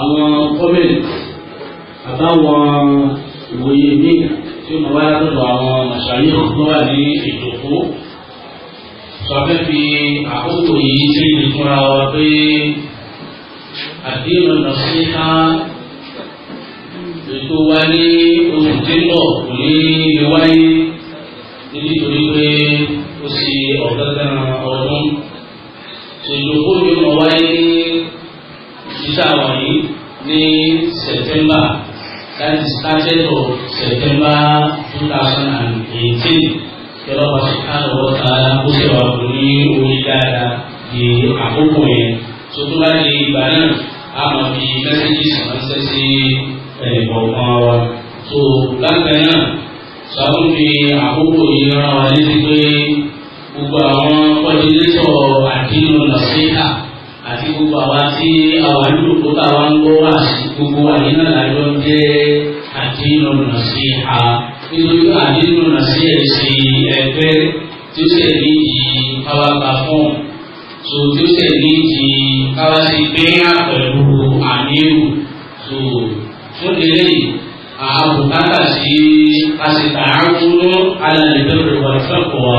àwọn kọ́mẹ̀ntì àbáwọn ìwòye míì tí ó mọ̀ wá lọ́dọ̀ àwọn màṣáyé tó wà ní ìdòkó sọfẹ́ àkókò yìí tí mi fúnra wa pé àdéhùn ọ̀nà sí ká ètò wa ní oṣù kò ní lè wáyé nítorí pé ó ṣe ọ̀gángan ọdún ṣèjọ́ kó ní ọmọ ní ìṣàwọ̀ ní sẹ̀tẹ́mbà that is started of September two thousand and eighteen yọlọ bá ṣe ká lọ́wọ́ ta ó ṣe wà fún ní orí dáadáa di àkókò yẹn tó tó bá di ìgbà náà a máa fi mẹ́sẹ̀gì ránṣẹ́ sí ẹ̀ẹ̀kọ̀ọ̀kan wa tó lágbẹ́ náà sọ́kún fi àkókò yìí rán wa létí pé gbogbo àwọn kọ́dínétọ̀ àdínú nàṣẹ́ká àti gbogbo àwa tí àwa ló kó tá a wá ń gbọ́ wá sí gbogbo wa yìí náà lájọ jẹ́ àdínú nà sí ha nítorí pé àdínú nà sí ẹ̀sìn ẹgbẹ́ tí ó sì ní di káwá gba fún so tí ó sì ní di káwá sí gbéyà pẹ̀lú àmírù so fún eléyìí àbùkátà sí àṣetà àrùnú alàlẹ́bẹ̀rẹ̀ wà fẹ́kọ̀ọ́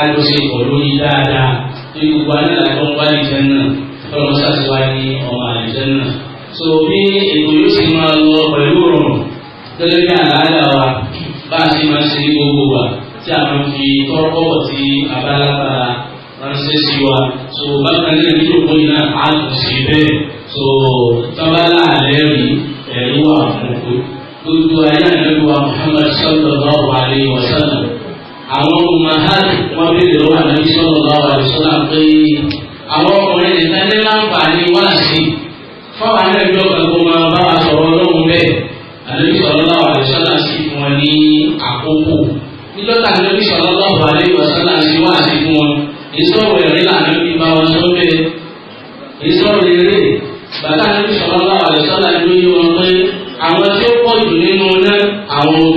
àjọṣepọ̀ lórí dáadáa ní gbogbo alẹ́ àjọ ń bá náà kọ́lọ́ ṣàtiwá ní ọmọ àìjẹ́ náà. so bí ètò yóò ṣe máa lọ pẹ̀lú òrùn gẹ́gẹ́ bí àlàáyà wa bá a ṣe máa ṣe ní gbogbo wa tí a máa fi tọ́rọ́kọ̀wọ̀ tí a bá lábára ránṣẹ́ sí wa so bákan náà ní ìlú òyìn náà á tún sí bẹ́ẹ̀ so tábàlà àlẹ́ rí ẹ̀rí wà fún gbogbo ayé àdébùwà Muhammad sallallahu alayhi wa sallam àwọn ọmọ mahad wọn bèèrè lọ́wọ́ àdébùwà sallallahu alayhi wa sallam pé àwọn ọkùnrin nìkan ní láǹfààní wá sí i fáwọn anájọ kankan máa bá wa sọ̀rọ̀ lọ́hùn bẹ́ẹ̀ ànábì sallallahu alaihi wasallam sí fún wọn ní àkókò níjọ́ta ànábì sallallahu alaihi wasallam sí wá sí fún wọn ìsọ̀rọ̀ ẹ̀rí lànà bí bá wọn sọ bẹ́ẹ̀ ìsọ̀rọ̀ eré bàtà ànábì sallallahu ló yé wọn pé àwọn tó pọ̀ jù nínú náà àwọn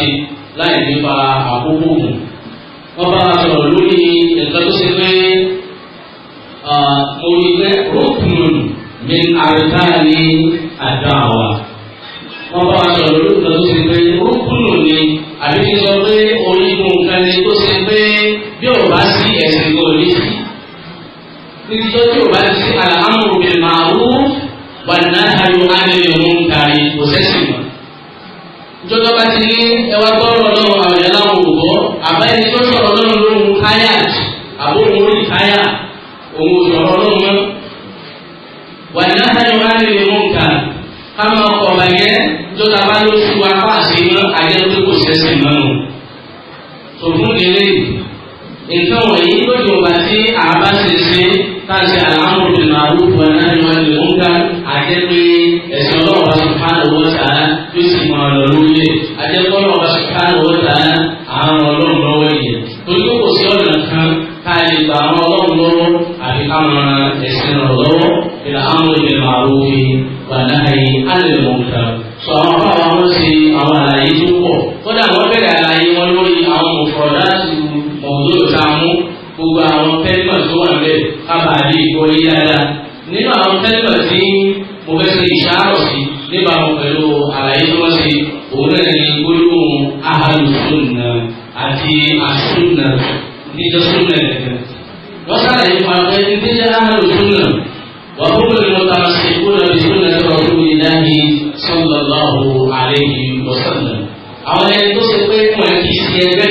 ṣe láì nípa àkókò mu wọ́n bá a sọ̀rọ̀ lórí ẹ̀ka tó ṣe pé mo rí pé rọ́pùnù mi àrùtá ní àdáwà wọ́n bá a sọ̀rọ̀. alayhi wa sallam àwọn ẹni tó ṣe pé wọn kì í ṣe ẹgbẹ́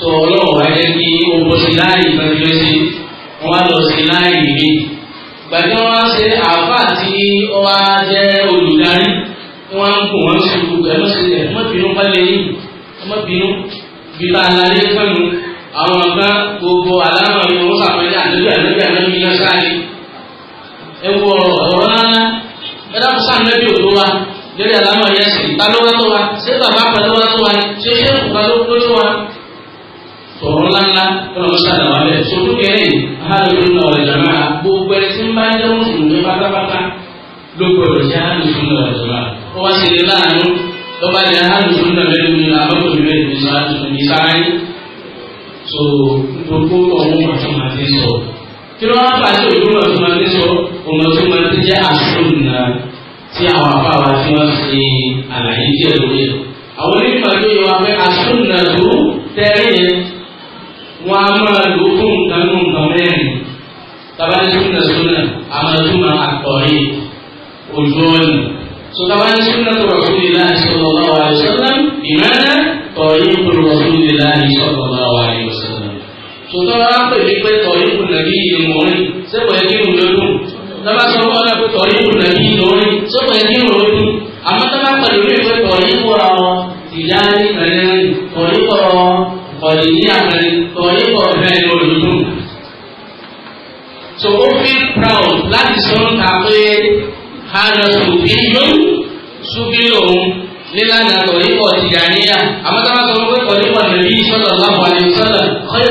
tó ọlọ́run wá jẹ́ kí ó bọ́ sí láàyè ìgbàgbé sí wọ́n wá lọ sí láàyè mi. gbàgbé wọn wá ṣe àbá tí ó wá jẹ́ olùdarí wọn ń kó wọn sí gbogbo ẹ̀ lọ́sílẹ̀ ẹ̀ mọ́bìnú pálẹ̀ yìí mọ́bìnú bí bá a lálé pẹ̀lú àwọn ọ̀gá gbogbo aláwọ̀ ni wọ́n sàpẹ́jà lórí àlórí àlórí iná sáré ẹ wọ ọ̀rọ̀ rárá ẹ dákun sáà lẹ́bí òdo wa lórí aláwọ̀ yẹn sì ta ló wá tó wa ṣé bàbá pẹ̀lú wá tó wa ṣé ṣé kùkà ló tó wa ńláńlá tọ́lọ̀ mọ́ṣá àdàmà bẹ́ẹ̀ sotu kẹrẹ́ yìí ahàlùfẹ́ náà wọlé jàmá gbogbo ẹni tí ń bá jẹ́ mùsùlùmí pátápátá ló gbọdọ̀ jẹ́ ahàlùfẹ́ náà wọlé jàmá wọ́n wá sí ilé láàánú lọ́ba jẹ́ ahàlùfẹ́ náà bẹ́ẹ̀ lómi àbábọ̀ mi bẹ́ẹ̀ ní sáré ní sáré so gbogbo ọ̀hún àti màá ti sọ kí ló wá bá tó ìlú ọ̀tún máa ti sọ ọ̀nà tó máa ti jẹ́ àṣùnà tí àwọn afáwa tí wọ́n ṣe àlàyé díẹ̀ lórí ẹ̀ wọn a máa lò ó fún nǹkan nù nǹkan mẹ́rin tabali sunna sunna a máa túmọ̀ àtọ̀rí ojú ọ̀nà so tabali sunna tó rasulillahi sallallahu alaihi wasallam ìmọ̀nà tọ̀rí tó rasulillahi sallallahu alaihi wasallam so tọ́lá pè mí pé tọ̀rí kù nàbí yìí mọ̀rin sẹ́kọ̀ yẹ kí n lò lódùn tọ́lá sọ fún ọ̀nà pé tọ̀rí kù nàbí yìí lórí sẹ́kọ̀ yẹ kí n lò àmọ́ tọ́lá pè pé tọ̀rí kù ra láti sọ́n ta pé hànàtù bí yún súbí lòun nílànà tọ̀ríkọ̀ tìjàníyà àmọ́ táwọn sọ pé tọ̀ríkọ̀ nàbí sallallahu alaihi wasallam kọ́lé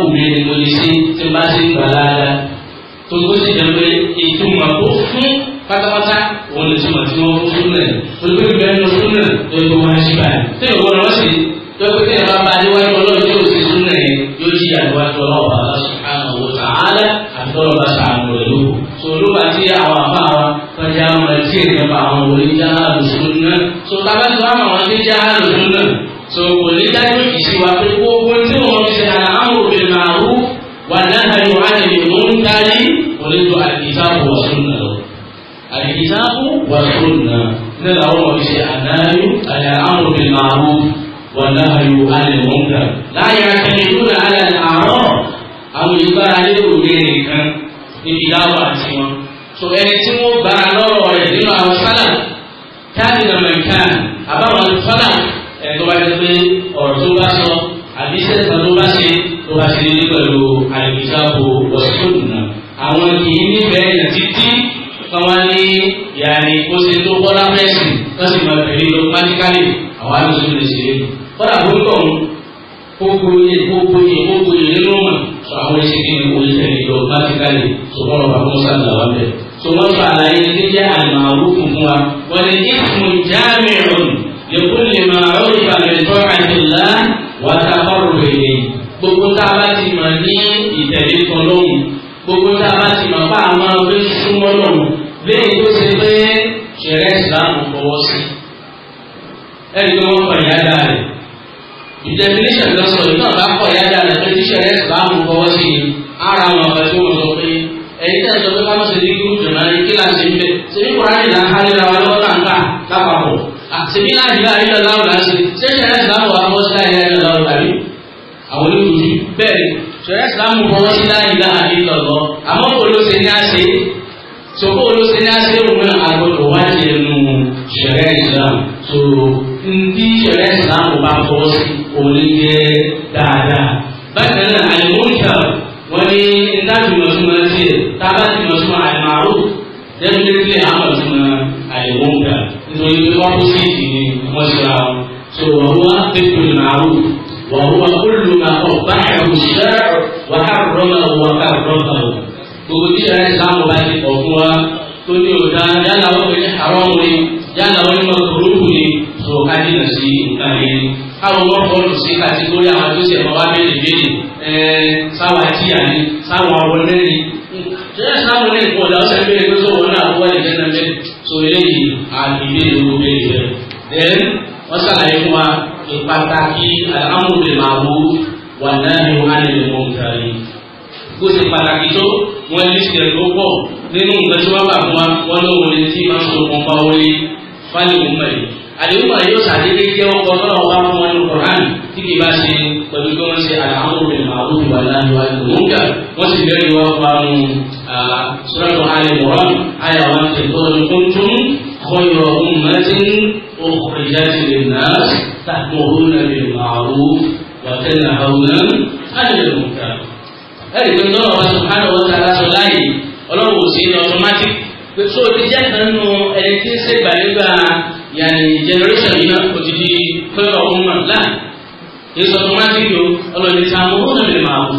wù mí ni mo lè ṣe tí mo bá ṣe gbà lára tó tó sì jẹ́ pé ìtumọ̀ tó fún pátápátá òun ni ìtumọ̀ tí wọ́n fún súnlẹ̀ olùkọ́ ìgbà ẹnu súnlẹ̀ tó yẹ kó wọ́n ṣe báyìí tí ìwọ náà sì lọ́pẹ́ tí ìyàbá bá níwájú ọlọ́run tí ò sí súnlẹ̀ yẹn yóò jí àgbájọ ọlọ́ọ̀bà subhanahu wa ta'ala àti ọlọ́ọ̀bà sàánù rẹ̀ lóko so olúwa tí àwọn àbá wa tọ́jà ọmọ ẹ̀ tí bá àwọn wòlíjà àlùsùn náà so tàbá tí àwọn àti jà àlùsùn náà so kò lè dájú ìṣe wa pé gbogbo tí wọn fi ṣe àná àmúrò bẹ máa rú wà náà yóò á lè mú ń darí kò lè tó àdìsáàbò wà sún nà lọ àdìsáàbò wà sún nà nílẹ̀ àwọn ọmọ fi ṣe àná yóò àlẹ àmúrò bẹ máa rú wà náà yóò á lè mú ń darí. láyé akẹ́ni tó nà alẹ́ àárọ̀ àwọn ìgbára lé òwe nìkan níbi dáwọ̀ àti wọn so ẹni tí wọ́n gbára lọ́rọ̀ rẹ̀ nínú àwọn sálà káàdì nàmẹ̀ká àbáwọn ṣe ní pẹ̀lú àìkìjábo ọ̀ṣunà àwọn kì í nífẹ̀ẹ́ yàn títí káwọn ní yàrá kó ṣe tó bọ́lá mẹ́sì tó sì máa bẹ̀rẹ̀ lọ pátíkálì àwọn àlùsùn lè ṣe é kọ́dà kó ń tọ̀ ń kókó yẹ kókó yẹ kókó yẹ nínú mọ̀ sọ àwọn ẹṣin kí ni wọ́n tẹ̀lé lọ pátíkálì sọ wọ́n fún sáà làwọn bẹ̀ sọ sọ àlàyé ní jẹ́ àmàlú fún wa wọ́n ní ìfún jáàmì ọ̀nù lè lè máa rọ̀ ìbàlẹ̀ tọ́ àdìlá wàtàkọ́rù rẹ̀ gbogbo tá a bá ti mọ̀ ní ìtẹ̀lé kan lóhùn gbogbo tá a bá ti mọ̀ bá a máa gbé súnmọ́ lọ́hùn lẹ́yìn tó ṣe pé ṣẹ̀rẹ́ ìsìláàmù fọwọ́ sí i. ẹni tó wọ́n kọ̀ ìyáda rẹ̀ ìdẹ́fínísàn lọ́sọ̀ yìí náà bá kọ̀ ìyáda rẹ̀ pé tí ṣẹ̀rẹ́ ìsìláàmù fọwọ́ sí i ara wọn ọ̀gá tí wọ́n sọ pé ẹ̀yin tẹ̀ sọ pé káwọn ṣe ní kúrú jọ̀nà ní kí ń bẹ̀ ṣèbí kùránì là ń ká lọ́wọ́ náà ń kà lápapọ̀ àṣebí láàyè láàyè lọ́wọ́ láṣẹ ṣé ṣẹ̀rẹ́ ìsìláàmù wà fọ́ sọ̀rọ̀ Islam kan wọ́n sí láàyè láàyè lọ́lọ́ àmọ́ kò ló ṣe ní àṣẹ sọ́kò ló ṣe ní àṣẹ òun àgbọ̀dọ̀ wá ti ẹnu sọ̀rọ̀ Islam tó ndí sọ̀rọ̀ ìsìlámù bá fọwọ́ sí òní jẹ́ dáadáa. bákan náà àlùmọ́nìkà wọ́n ní ìdájúmọ̀túmọ̀ sí ẹ̀ tábà tìmọ̀túmọ̀ àìmàrú dẹ́gbẹ́dẹ́gbẹ́ àwọn ọ̀túnmọ̀ àìmọ̀nìkà nítorí wọ́n kó sí ìdí ni wọ́n ṣe ra wọn. sọ̀rọ̀ wọn á pẹ́ وهو كل ما قبحه الشرع وحرمه وكرمه gbogbo tí ìrẹ́ ìsáàmù bá ti pọ̀ fún wa tó ní ọ̀dà yálà wọn ní àrọ́mù ni yálà wọn ní mọ̀tòrúkù ni tó ká dínà sí nǹkan yẹn káwọn wọn kọ́ lù sí kàtíkórí àwọn tó ṣẹ̀ máa wá béèrè béèrè ẹ̀ẹ́n sáwọn àjíyà ni sáwọn ọ̀wọ́lẹ́ ni ìrẹ́ ìsáàmù ní ìpò ọ̀dà ọ̀sẹ̀ béèrè pé sọ̀wọ́n náà wọ́n lè jẹ́ nàbẹ́ so eléyìí àbí ìbéèrè gbogbo béèrè rẹ̀ ìpàtàkì àmúlẹ̀ eh, máa wú wà lẹ́nu àlẹ́ mọ̀nkàrí. kó ṣe pàtàkì tó wọ́n lè ṣe ẹ̀rọ pọ̀ nínú nǹkan tí wọ́n bà fún wa wọ́n ló wọlé tí máa ń so wọn bá wọlé fáwọn ìwọ̀n mẹ́rin. àdéhùn mọ̀ yóò ṣàdédé jẹ́ ọkọ̀ lọ́wọ́ wa fún wọn ní Kùránì tí kì í bá ṣe pẹ̀lú pé wọ́n ṣe àmúlẹ̀ máa wú wà lẹ́nu àlẹ́ mọ̀nkàrí. wọ́n sì bẹ́ẹ̀ wọ́n fa mu sọ́dọ̀ àlẹ́ mọ̀rán àyà wọn ti tọ́ أخرجت للناس تأمرون بالمعروف وتنهون عن المنكر ẹ̀rí pé lọ́rọ̀ wa sùhánà wọ́n ta aláṣọ láàyè ọlọ́run ò sí ní automatic pé tó o ti jẹ́ kan nínú ẹni tí ń ṣe gbàlégbà yàní generation yìí náà òdìdí pẹ́lú ọ̀hún náà láà kì í sọ automatic o ọlọ́run ti àwọn owó náà máa wù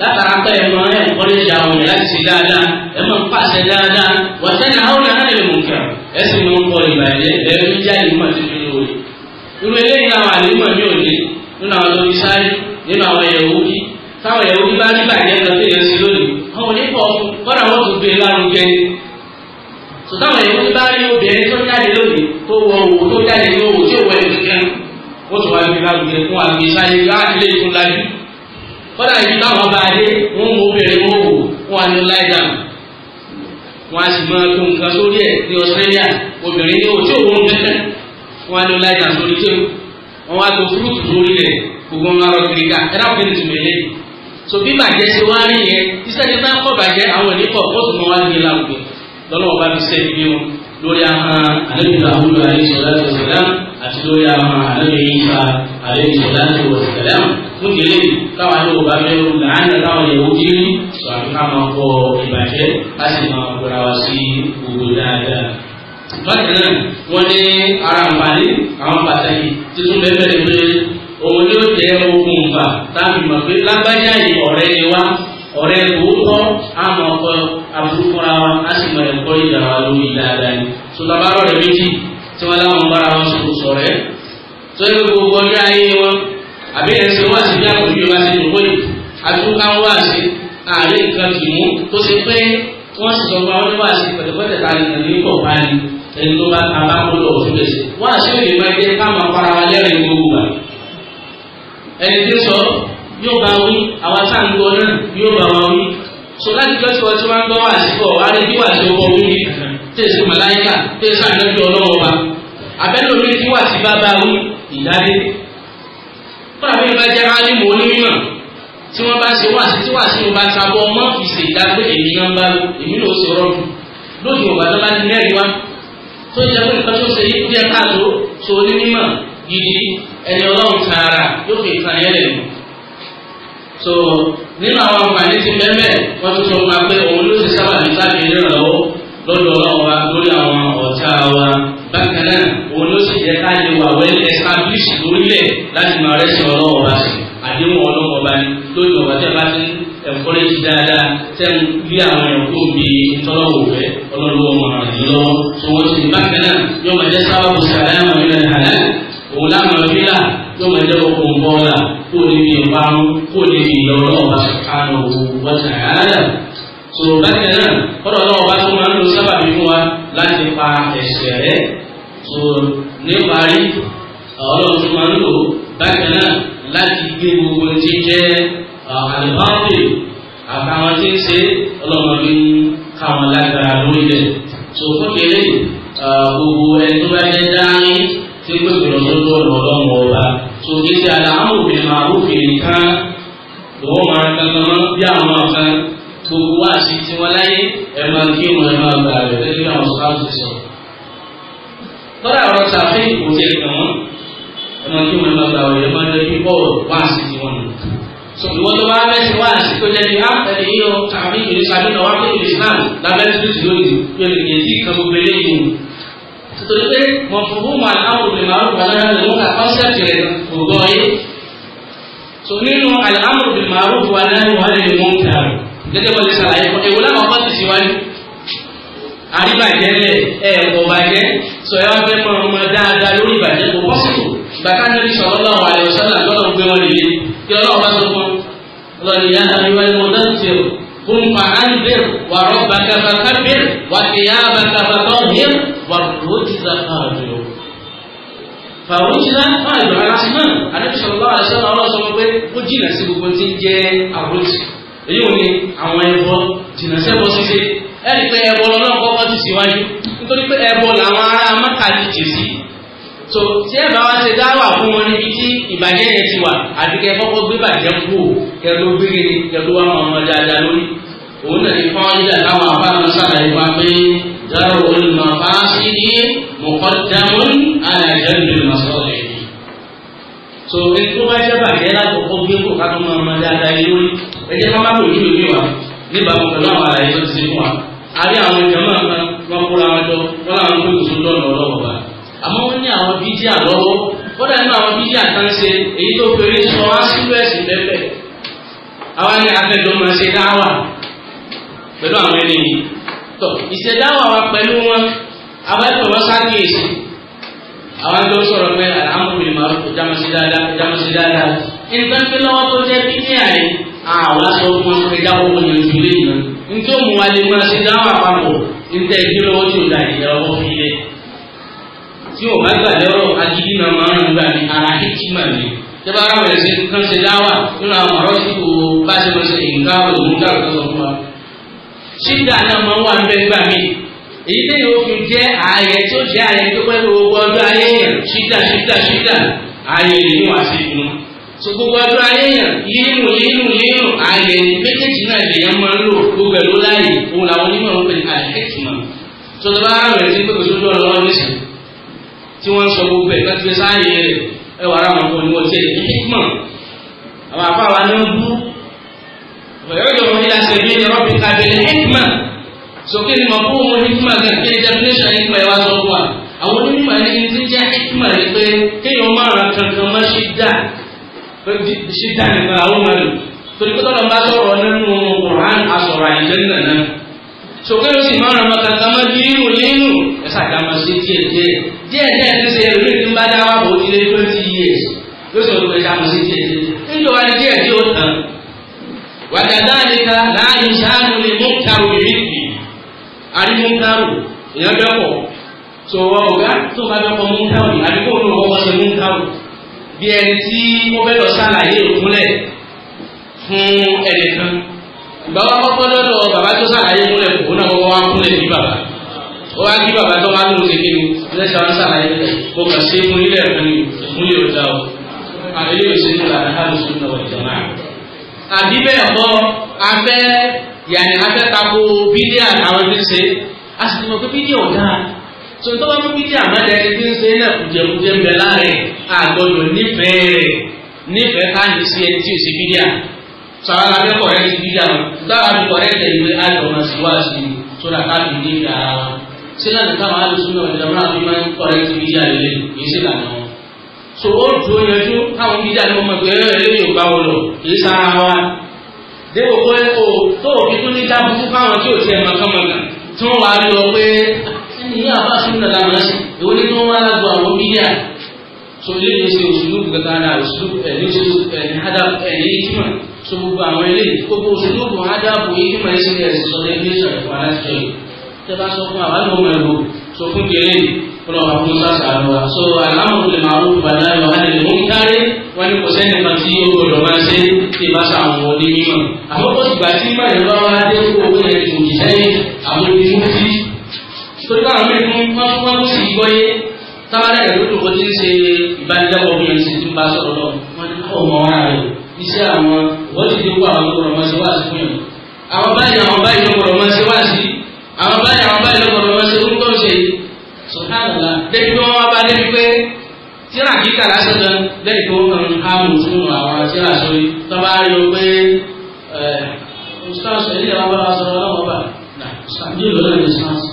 látara pé ẹ̀ ń ẹ̀kọ́ lè ṣe àwọn láti ṣe dáadáa ẹ̀ ń pàṣẹ dáadáa wọ́n ẹsìn ló ń kọ ìbàjẹ́ ẹ̀rú jáde mọ̀ sí nínú rẹ̀. irú eléyìí làwọn àlùmọ̀ ní òde nínú àwọn tó fi sáré nínú àwọn ẹ̀yẹ̀wò bí táwọn ẹ̀yẹ̀wò bí bá ní bàjẹ́ lọ sí ìrẹsì lónìí àwọn onípọ̀ kọ́dà wọ́n tún gbé e lárugẹ. sọ̀táwọn ẹ̀yẹ̀wò bí bá rí obìnrin tó jáde lónìí tó wọ òwò tó jáde ní òwò tí òwò ẹ̀dùnkẹ́ ó tún wá gbé e lárugẹ fún àgbè sáré láàrín ilé ìtúnlájú kọ́dà ibi táwọn bá dé wọ́n mú obìnrin wọ́n wò wọ́n á ní láìdáàmù wọ́n á sì máa lo nǹkan sórí ẹ̀ ní Australia obìnrin ní òtí òun tẹ́lẹ̀ wọ́n á lo láìka sórí tó wọ́n á lo fúrúùtù sórí rẹ̀ gbogbo wọn lọ kiri ká ẹ̀rọ àwọn ènìyàn tùmẹ̀ lẹ́yìn. so bí bàjẹ́ ṣe wá rí yẹn iṣẹ́ ti sáà kọ́ bàjẹ́ àwọn ènìyàn pọ̀ wọ́n sì mọ wá ní ìlànà lọ́nà ọba fi ṣe ibi wọn lórí ahọ́n àlejò àwùjọ àlejò láti ọ̀sẹ̀ lẹ́m lókè lẹ́yìn káwọn yóò bá bẹ́ẹ̀ wò láàánú káwọn yẹ̀wò jí rí sọ àbí ká máa kọ ìbàjẹ́ ká sì máa kóra wá sí gbogbo dáadáa. bákan náà wọ́n ní ara nbàlẹ́ àwọn pàtàkì títún bẹ́ẹ̀ pé òun yóò jẹ́ ogun nbà táàbì mọ̀ pé lágbájá yìí ọ̀rẹ́ ni wá ọ̀rẹ́ tòótọ́ àmọ́ ọkọ àbúrúkọ́ra wa á sì mọ ẹ̀kọ́ ìdára wa lórí dáadáa ni. sọtabarọ̀ rẹ̀ méjì tí wọ́n láwọn bára wọn sọ̀rọ̀ àbí ẹsẹ̀ wá sí bí àkùnrin bá ti dùn wọ́yì àtúnká wá sí ààrẹ nǹkan kì í mú tó ṣe pé wọ́n sì sọ fún àwọn oníwà sí pẹ̀lẹ́pẹ̀lẹ́ ta ni ẹni kọ̀ bá ní ẹni tó bá ta bá kó lọ òfin lẹ̀ sí. wá sí òye máa jẹ́ káwọn afárá wa lẹ́rìn gbogbo wa. ẹni tí sọ yóò bá wí àwọn tá à ń gbọ́ náà yóò bá wa wí. sọ láti jọ́ tí wọ́n ti máa ń gbọ́ wá sí bọ̀ wá rí bí wà sí ọkọ̀ wí tẹ̀sí màláyíkà tẹ̀sí àjọyọ̀ ọlọ́wọ́ wa. àbẹ́lómi tí wà sí bá bá wí ìdádé kọ́ra bí ìbá jẹ́ alimu onímọ̀ tí wọ́n bá ṣe wá sí tí wàá sí wọn bá ta bọ́ mọ́ fi ṣe ìdágbé èmi náà ń bá lò èmi náà ó ṣe rọ́ọ̀dù lóde òbá tó bá ní mẹ́rin wá tó jẹ́ pé nǹkan tó ṣe yìí jẹ́ káàtó so onímọ̀ gidi ẹni ọlọ́run tààrà yóò fi ìtàn yẹn lẹ̀ so nínú àwọn àǹfààní ti bẹ́ẹ̀ wọ́n tún sọ fún wa pé òun ló ṣe sábà nípa ìrìnlọ́wọ́ lọ́dọ̀ ọlọ́run wa lórí àwọn ọ̀tá wa bákan náà òun ló sì yẹ ká lè wà well established lórílẹ̀ láti máa rẹ́sìn ọlọ́wọ́ bá sí àdéhùn ọlọ́wọ́ bá ní lórí ọ̀gá tẹ́ bá ti encourage dáadáa tẹ́ ń rí àwọn èèyàn tó ń bi tọ́lọ́wọ́ fẹ́ ọlọ́lọ́wọ́ mọ̀ ràn yín lọ́wọ́ tó wọ́n ti bákan náà yóò máa jẹ́ sábàbù sàdáyàmọ̀ nílẹ̀ àlẹ́ òun láwọn fílà yóò máa jẹ́ okùn bọ́ọ̀là kó o lè fi ìparun kó o lè fi ìyọ̀rọ̀ ọ̀bà láti pa ẹ̀ṣẹ̀ rẹ̀ so níparí ọlọ́run tó máa ń lò bákan náà láti gbé gbogbo tí jẹ́ àlùbáwọ̀dì àtàwọn tí ń ṣe ọlọ́run bí káwọn lágbára lórí rẹ̀ so fún kéré gbogbo ẹni tó bá jẹ́ dání tí pé kò lọ́sọ́ tó lọ ọlọ́run ọba so kí ṣe àdáhùn mi máa rúfin nìkan lọ́wọ́ máa kankan bí àwọn kan gbogbo wá sí tiwọn láyé ẹ máa kí wọn ẹ máa gbà rẹ̀ lẹ́yìn àwọn sọ́kà tó sọ̀rọ̀ tọ́lá ọ̀rọ̀ ṣàfihàn kò tiẹ̀ kàn wọ́n ọmọ kí wọn bá gba ọ̀rẹ́ máa lọ bí bọ́ọ̀lù wáàsí ti wọn. ṣùgbọ́n tó bá mẹ́sìn wáàsí tó jẹ́ ní ápẹ́lẹ́ yìí ọ tàbí ìlú sàbí lọ wá pé ìlú Islam lábẹ́rẹ́ tó ti lóyún yóò lè yẹ sí kan gbogbo eléyìí mu. tòtòrí pé mọ̀fọ́fọ́ máa láwọn olè máa rúbọ náà lè wọ́n ká kọ́nsẹ́pì rẹ̀ kò gbọ́ yé. tó nínú àlàmù olè máa rúbọ náà wà lè mú àríbàjẹ́ lẹ̀ ẹ̀ ọ̀bàjẹ́ sọ ẹ wá fẹ́ mọ ọmọ dáadáa lórí ìbàjẹ́ kò pọ́sìkò bàtà nàbí sallallahu alaihi wasallam lọ́dọ̀ gbé wọn lè kí ọlọ́run bá tó fún ọlọ́run ìyá àríwá ni mo náà ti rò fún fàánzir wà rọ́bà kàfàkàbìr wà kìyà bàkàfàkàbìr wà ròtìzà fàájò. fàròtìzà fàájò aláṣìmọ́ ànábì sallallahu alaihi wasallam ọlọ́sọ̀rọ̀ pé ó jìnà sí gbogbo tí ń jẹ́ ẹni pé ẹbọ lọ́nà kọ́kọ́ ti síwájú nítorí pé ẹbọ làwọn ará mọ́ta ti jì sí so tí ẹ bá wá ṣe dáwà fún wọn níbi tí ìbàjẹ́ yẹn ti wà àdìgẹ́ kọ́kọ́ gbé bàjẹ́ kú o kẹló gbére ni kẹló wà máa mọ dáadáa lórí òun náà ní fún ọdún àtàwọn afáàmù sàlàyé wa pé dáwà olùmọ̀ fáásì ní mọ̀kọ́dámún àyàjẹ́ ìdùnnú sọ̀rọ̀ yìí so tó bá jẹ́ bàjẹ́ lákòókò gbé kó àrí àwọn ìjọba kan wọn kóra wọn jọ wọn làwọn tó kù sójú ọ̀nà ọlọ́wọ́ bá àmọ́ wọn ní àwọn bídíà lọ́wọ́ kódà nínú àwọn bídíà kan ṣe èyí tó fèrè sọ wá sílùú ẹ̀sìn bẹ́ẹ̀ àwọn ní afẹ́dọ́ máa ṣe dáwà pẹ̀lú àwọn ẹni yìí tọ̀ ìṣẹ̀dáwà wa pẹ̀lú wọn abẹ́tọ̀ wọn sákèèsì àwọn ẹjọ́ sọ̀rọ̀ pé àlámùbìnrin máa kó jámọ́sí dáadáa jámọ́sí dáadáa ìtàn fi lọ́wọ́ tó jẹ́ bídíà njó mu wa lè máa ṣe dáhùn àpapọ̀ níta ẹgbẹ́ lọ́wọ́ tí o da ìdá ọwọ́ fi lẹ̀ tí o bá gbà lọ́rọ̀ agídí náà máa ń gbà ní ara ẹtí mà mí tẹ́lá ara rẹ̀ ṣe kán ṣe dáwà nínú àwọn ọ̀rọ̀ tí kò bá ṣe máa ṣe nǹkan àwọn òun dàrú tó sọ fún ṣídà náà máa wà ń bẹ gbà mí èyí tẹ́lẹ̀ o jẹ́ ààyè tí jẹ́ ààyè tó pẹ́ lọ́wọ́ ọjọ́ ayé yẹn ṣídà ṣídà ṣídà ààyè ìlú àti ìlú so gbogbo ọdún ayé yàn yínú yínú yínú ààyè méjèèjì náà lèèyàn máa ń lò gbogbo ẹ̀ ló láàyè òun làwọn onímọ̀ ń pè ní àlẹ́kìmọ̀ tó tó bá rẹ̀ sí pé kò sójú ọ̀rọ̀ wọn lẹ́sẹ̀ tí wọ́n ń sọ gbogbo ẹ̀ láti fi sáàyè rẹ̀ ẹ wàrà wọn kò ní wọ́n ti ẹ̀ hikmọ̀ àwọn àfa wa ní ń bú ọ̀yọ́dọ̀ wọn yíyá sọ ìbí ẹ̀rọ kábẹ́lẹ̀ hikmọ̀ ni màá fún wọn hikmọ̀ gan kí definition sọ ṣíta nìkan àwọn ọmọ rẹ̀ torí pé tọ́lọ́ bá sọ̀rọ̀ nínú Quran asọ̀rọ̀ àyíjẹ́ nínú náà sọ̀kẹ́ yóò sì máa ràn mọ́ kankan mọ́ bí irú nínú ẹ̀sà àdámọ́ sí díẹ̀ díẹ̀ díẹ̀ díẹ̀ ti ṣe ìrírí tí ń bá dáwà bò ó ti lé twenty years yóò sọ̀rọ̀ pé ṣàmù sí díẹ̀ díẹ̀ níjọba ni díẹ̀ díẹ̀ ó tàn wàkàdáàdìka láàyè sáàmù ni mọ́kàrù ìrìkì àrímọ́kàrù ìyàgbẹ́pọ̀ sọ̀rọ̀ ọ̀gá tó bá bẹ́pọ̀ mọ́kàrù àríkò bí ẹni tí wọ́n fẹ́ lọ ṣàlàyé ìkúnlẹ̀ fún ẹnìkan bàbá kọ́kọ́ lọ́dọ̀ bàbá tó ṣàlàyé ìkúnlẹ̀ òun náà wọ́n wá kúnlẹ̀ bí bàbá wọ́n wá kí bàbá tó wá lóun ṣe kí ni lẹ́sẹ̀ wọn ṣàlàyé mo kàn ṣe fún ilé ẹ̀kọ́ ni mo lè dá o àwọn ilé ìṣèlú làdá hàlùsùn náà wọ̀ ìjọba àbí bẹ́ẹ̀ kọ́ afẹ́ yàní afẹ́ tako bídíà àwọn ẹgbẹ́ ṣe a mọ̀ pé bídíà ò dáa so tó bá mú bídí àmọ́lẹ̀ ẹni tí ń ṣe náà kùjẹkùjẹ ń bẹ láàrin àgbọ̀dọ̀ nífẹ̀ẹ́ rẹ̀ nífẹ̀ẹ́ káàdì sí ẹni tí ò sí bídí à sọ̀rọ̀ la fẹ́ kọ̀rẹ́ sí bídí àwọn dáwà fi kọ̀rẹ́ tẹ̀ ìwé àjọmọ̀ sí wá sí i tó dà káàdì ní ìgbà ara wa ṣé náà ní káwọn alùsùn náà ìjọba náà fi máa ń kọ̀rẹ́ sí bídí àlẹ́ kì í ṣe lànà wọn so ó dùn ó yanjú káwọn bídí àlẹ́ wọn mọ̀ pé ẹlẹ́yìn ò bá wọn lọ kì í sára wa débò pé o tó òfin tó ní dábùkù káwọn tí ò tiẹ̀ mọ̀ kánmọ̀ kàn tí wọ́n wá lọ pé ní àbá súnà làwọn ẹsẹ èwo ni wọn máa gbọ́ àwọn bíyà so ilé yìí ṣe òṣèlú gbẹgbẹ náà òṣèlú ẹni òṣèlú ẹni hádà ẹni ìtumọ̀ so gbogbo àwọn ilé gbogbo òṣèlú kò hádà bò ìtumọ̀ ẹsẹ ẹsẹ sọ ẹni ẹsẹ ẹ̀kọ́ aláṣẹ yìí tẹ bá sọ fún àwọn àgbọn mẹ́rin so fún kéré kọlọ wà fún sàṣà lọ so aláwọn olè máa ń bàdá lọ hàn lè mú kárí wọn ni kò sẹ́ni kan tí ó gbọ́dọ̀ máa ṣe tí bá sa àwọn onímọ̀ àmọ́ kó ìgbà tí ìmọ̀ ìrọ̀ wá dé owó yẹn tó kì sẹ́yìn àwọn onímọ̀ sori káwọn mi fún wọn fún wọn sì gbọ́ yé tábàdà ìlú tó ti ṣe ìbánidọ́wọ́ bí ẹni tí ń bá sọ̀rọ̀ lọ wọn ni káwọn ọmọ wọn rẹ iṣẹ́ àwọn wọ́n ti dín kó àwọn tó rọ̀ mọ́ sí wáàsí fún yẹn àwọn báyìí àwọn báyìí ló rọ̀ mọ́ sí wáàsí àwọn báyìí àwọn báyìí depi. rọ̀ mọ́ sí orúkọ ṣe sọ̀tàlá débi pé wọ́n bá débi pé tíra kíkà lásán gan débi pé wọ́n kàn á mú fún àwọn tíra sórí tọ́ba yọ pé ẹ̀ ọ̀sán ṣẹlẹ̀ àwọn bá wa sọ̀rọ̀ lọ́wọ́ bá ṣàbí ìlú lọ́dún ìsìn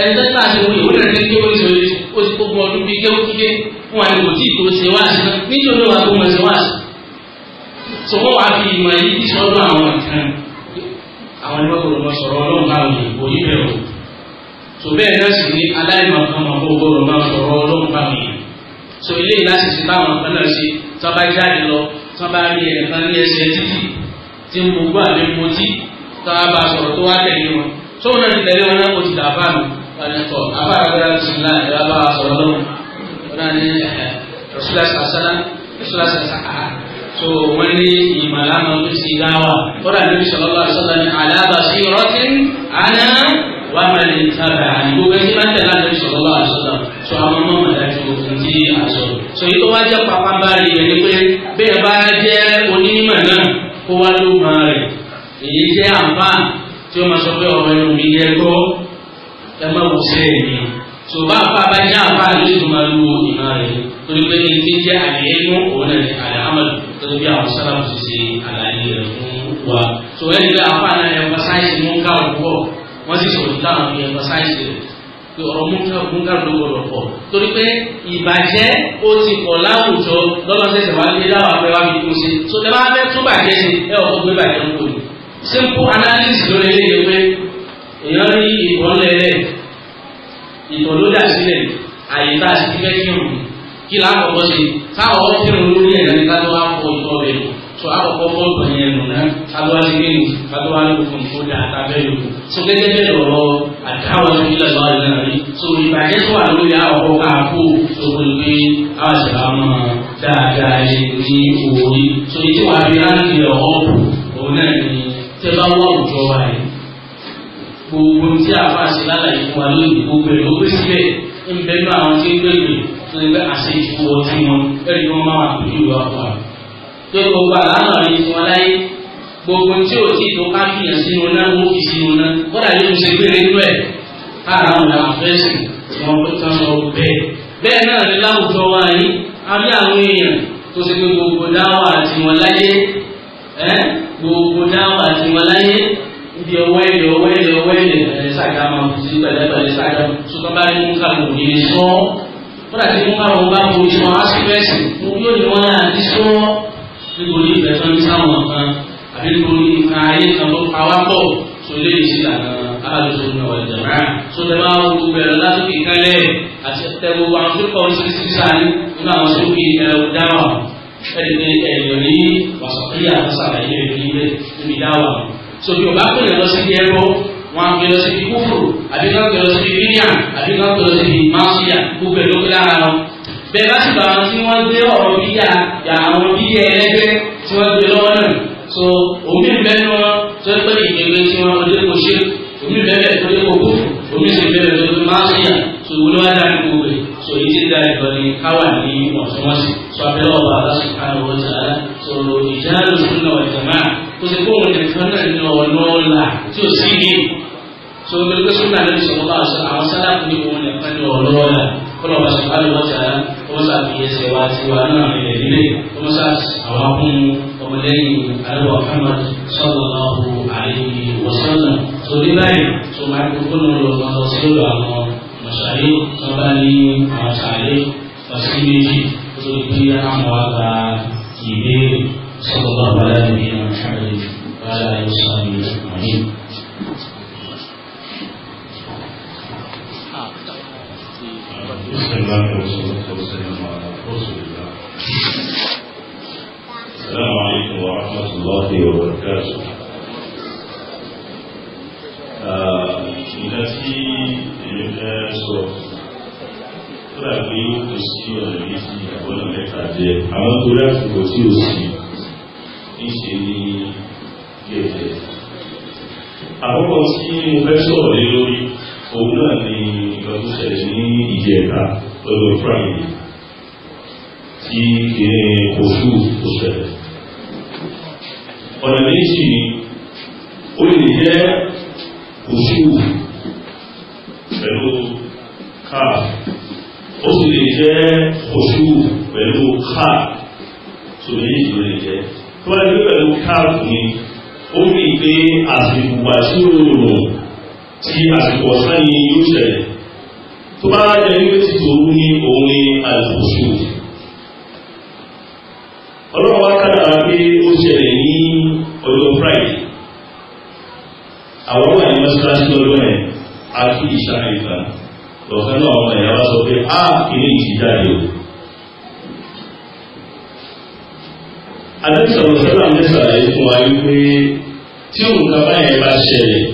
ẹni tẹ́tí láti mú ìwé rẹ̀ ní kéwòn ìṣòro ó ti kó gbọ́n ọdún bíi kéwòn kíké fún wa ní kò tí kò ṣe wáàsí náà nítorí wàá kó mọ̀ ṣe wáàsí. sọ̀wọ́ wàá fi ìmọ̀ yìí sọ́dọ̀ àwọn nǹkan àwọn ẹgbẹ́ kò lọ sọ̀rọ̀ ọlọ́run bá wù kò ní bẹ̀rù. sọ bẹ́ẹ̀ náà sì ni aláìmọ̀ kan mọ̀ kó gbọ́dọ̀ máa sọ̀rọ̀ ọlọ́run bá wù sọ ilé láti mo gbọ́ àbí mo tí tí wọ́n Báyìí àbá àgbẹ̀rẹ̀ àti ìlà ẹ̀rọ bá a sọ̀rọ̀ lọ́wọ́. Wọ́n náà ní Rasulá Sàṣálá Rasulá So wọ́n ní ìmọ̀lá máa ń ti dá wa. Wọ́n náà níbi sọ̀rọ̀ lọ́wọ́ sọ̀rọ̀ ní alábàṣí rọ́tí àná wà máa lè tábà àní gbogbo ẹni máa ń tẹ̀lé àti sọ̀rọ̀ lọ́wọ́ sọ̀rọ̀. So àwọn ọmọ mọ̀lá ti o fún ti àṣọ. So yìí tó wá jẹ́ pàpàmbá rẹ̀ yẹn ni pé bẹ́ẹ̀ bá jẹ́ onímọ̀ náà kó wá ló máa rẹ̀. Èyí jẹ́ àǹfà tí ó máa sọ pé ọ̀rọ̀ ẹnu mi yẹ kó ẹ má wò sẹ́ ẹ̀ yìí tó bá bá bá jẹ́ àbá lórí tó máa lu ìmọ̀ rẹ̀ torí pé ní ti jẹ́ àlẹ́ inú òun náà ní àlẹ́ amadu tẹ́lẹ̀ bí àwọn sálámù ti ṣe àlàyé rẹ̀ fún wa tó ẹ̀ nílẹ̀ apá náà ẹ̀ wá sáyẹ̀sì mú ká òwúrọ̀ wọ́n sì sọ̀rọ̀ táwọn ẹ̀ wá sáyẹ̀sì rẹ̀ pé ọ̀rọ̀ mú ká mú ká ló gbọdọ̀ pọ̀ torí pé ìbàjẹ́ ó ti pọ̀ láwùjọ lọ́lọ́sẹ̀sẹ̀ wá lé láwọn abẹ́ wá fi kún sí so ẹ bá fẹ́ tún bàjẹ́ ṣe ẹ èèyàn rí ìbọn lẹ́lẹ̀ ìbọn ló dà sílẹ̀ àyè tá a ti fẹ́ kírun kí lákòókò ṣe káwọn kírun lórí ẹ̀rọ ní kájọ́ wá fọ ìtọ́ rẹ̀ tó àkọ́kọ́ fọ́ ìgbọ̀nyẹn ẹ̀rùn náà kájọ́ wá sí kéwù kájọ́ wá lóko fún ìfọ́ dà àtàbẹ́ yòókù tó gẹ́gẹ́ bẹ́ẹ̀ lọ́rọ́ àdáwọn ní ilẹ̀ lọ́wọ́ ìlànà rí tó ìbàjẹ́ tó wà lórí àkọ́kọ́ káàkó tó kọ́ ló pé àwọn àṣà máa dáadáa ṣe ní òwòrí tó ìtí wà bí láti ọ̀ọ́ òun náà ni gbogbo tí a bá ṣe lálàyé fún wa lónìí gbogbo ẹ̀ ó gbé síbẹ̀ ń bẹ nínú àwọn tí ń gbé pè tó ń gbé àṣẹ ìṣòwò tí wọn ẹni wọn máa pèjú ìwà fún wa. pé gbogbo àlànà yìí fún wa láyé gbogbo tí ò tí tó ká fìyàn sínú náà ó fi sínú náà kódà yóò ṣe gbére nínú ẹ̀ káàrà àwọn àfẹ́sìn wọn tó tán lọ bẹ́ẹ̀. bẹ́ẹ̀ náà ni láwùjọ wa yìí a rí àwọn èèyàn tó ṣe pé gbogbo dáwà àti wọn láyé gbogbo dáwà àti láyé ibi ọwọ́ ẹ̀yẹ ọwọ́ ẹ̀yẹ ọwọ́ ẹ̀yẹ ẹ̀yẹ sáàdá máa fi sí pẹ̀lẹ́pẹ̀lẹ́ sáàdá ṣùgbọ́n bá ní nǹkan kò ní sọ ọ́ kódà tí nǹkan wọn bá forí sọ aspẹ́sì mo yóò ní wọn náà ti sọ ọ́ níbo ní ìbẹ̀ tán ní sáwọn kan àbí níbo ní nǹkan ayé kan ló pa wá pọ̀ tó lé ní sílà aláàlùsọ ní ọ̀wà ìjàmbá tó tẹ máa wo gbogbo ẹ̀rọ lásìkò ìkálẹ̀ àti tẹ gbogbo àwọn tó kọ́ oríṣiríṣi sáni nínú àwọn tó fi ẹ̀rọ dáwà ẹ̀rọ ní wàsàkúyà sàlàyé ẹ̀rọ ní ilé níbi dáwà mi sòbí ọba pè lọ sí ibi ẹbọ wọn àgbẹ̀ lọ sí ibi kúfùrù àbí wọn àgbẹ̀ lọ sí ibi bíríàn àbí wọn àgbẹ̀ lọ sí ibi máṣíà gbogbo ẹ̀ ló pé lára wọn. bẹ́ẹ̀ bá sì bá wọn tí wọ́n gbé ọ̀rọ̀ bíyà yà àwọn bíyà ẹlẹ́gbẹ́ tí wọ́n gbé lọ́wọ́ náà so omi bẹ́ẹ̀ wọn tó pé ìgbẹ́gbẹ́ tí wọ́n ọdẹ kò ṣe omi bẹ́ẹ̀ tó dé kò kúfù omi sì bẹ́ẹ̀ tó dé máṣíà so wọ́n wá dá nínú rẹ̀ so èyí ti da ìbọn ni káwà ní wọ̀ntúnwọ̀nsì so abẹ́lẹ́ ọba aláṣẹ kò sì kó òun nìkan náà ní ọ̀nà tí ò sí ní so gbẹgbẹ sọ́nà àlẹ́ ìṣòwò bá aṣọ àwọn sálàkù ní òun nìkan ní ọ̀nà ọ̀la kọ́nà ọ̀bà sọ̀rọ̀ àlọ́ wọ́n sàrà wọ́n sàbí ẹsẹ̀ wa ti wa náà rẹ̀ nílé wọ́n sà àwọn akún ọmọlẹ́yìn alẹ́wà Muhammad sallallahu alaihi wasallam so ní báyìí so máa kó kó lọ lọ lọ sí ọ̀dọ̀ àwọn mọ̀ṣáré tó bá ní àwọn صلى الله على نبينا محمد وعلى اله وصحبه اجمعين بسم الله والصلاة والسلام على رسول الله السلام عليكم ورحمة الله وبركاته إذا آه، في يمكن Kódà pé ó ti sí ọ̀rẹ́ ní ti àwọn ọ̀rẹ́ kàjẹ́, àwọn tó rẹ́ àsìkò tí ó sì ń ṣe ní ẹ̀jẹ̀. àkọ́kọ́ tí mo fẹ́ sọ̀rọ̀ lé lórí òun náà ni nǹkan ṣẹlẹ̀ ní ìjẹta lọ́dọ̀ friday tí kìíní oṣù tó ṣẹlẹ̀. ọ̀nà méjì ni ó lè jẹ́ oṣù pẹ̀lú káà ó sì lè jẹ́ oṣù pẹ̀lú káà tó lè jù lè jẹ́ tó wá ní pẹ̀lú káàkùn yẹn ó rí i pé àsìkò wà tí ó rò tí àsìkò ọ̀sán ni yóò ṣẹlẹ̀ tó bá jẹ́ ní ti tòru ní òun ní àlùkòṣù ọlọ́run wá kádàrá pé ó ṣẹlẹ̀ ní ọjọ́ friday àwọn wà ní mọ́ṣáláṣí lọ́jọ́ yẹn a kí ìṣàkíyàn lọ́kàn náà ọmọ ìyá wa sọ pé a kì í ní o. adébísọ̀rọ̀ sọ́lá ń sàlàyé fún wa wípé tí òun kan báyẹn bá ṣẹlẹ̀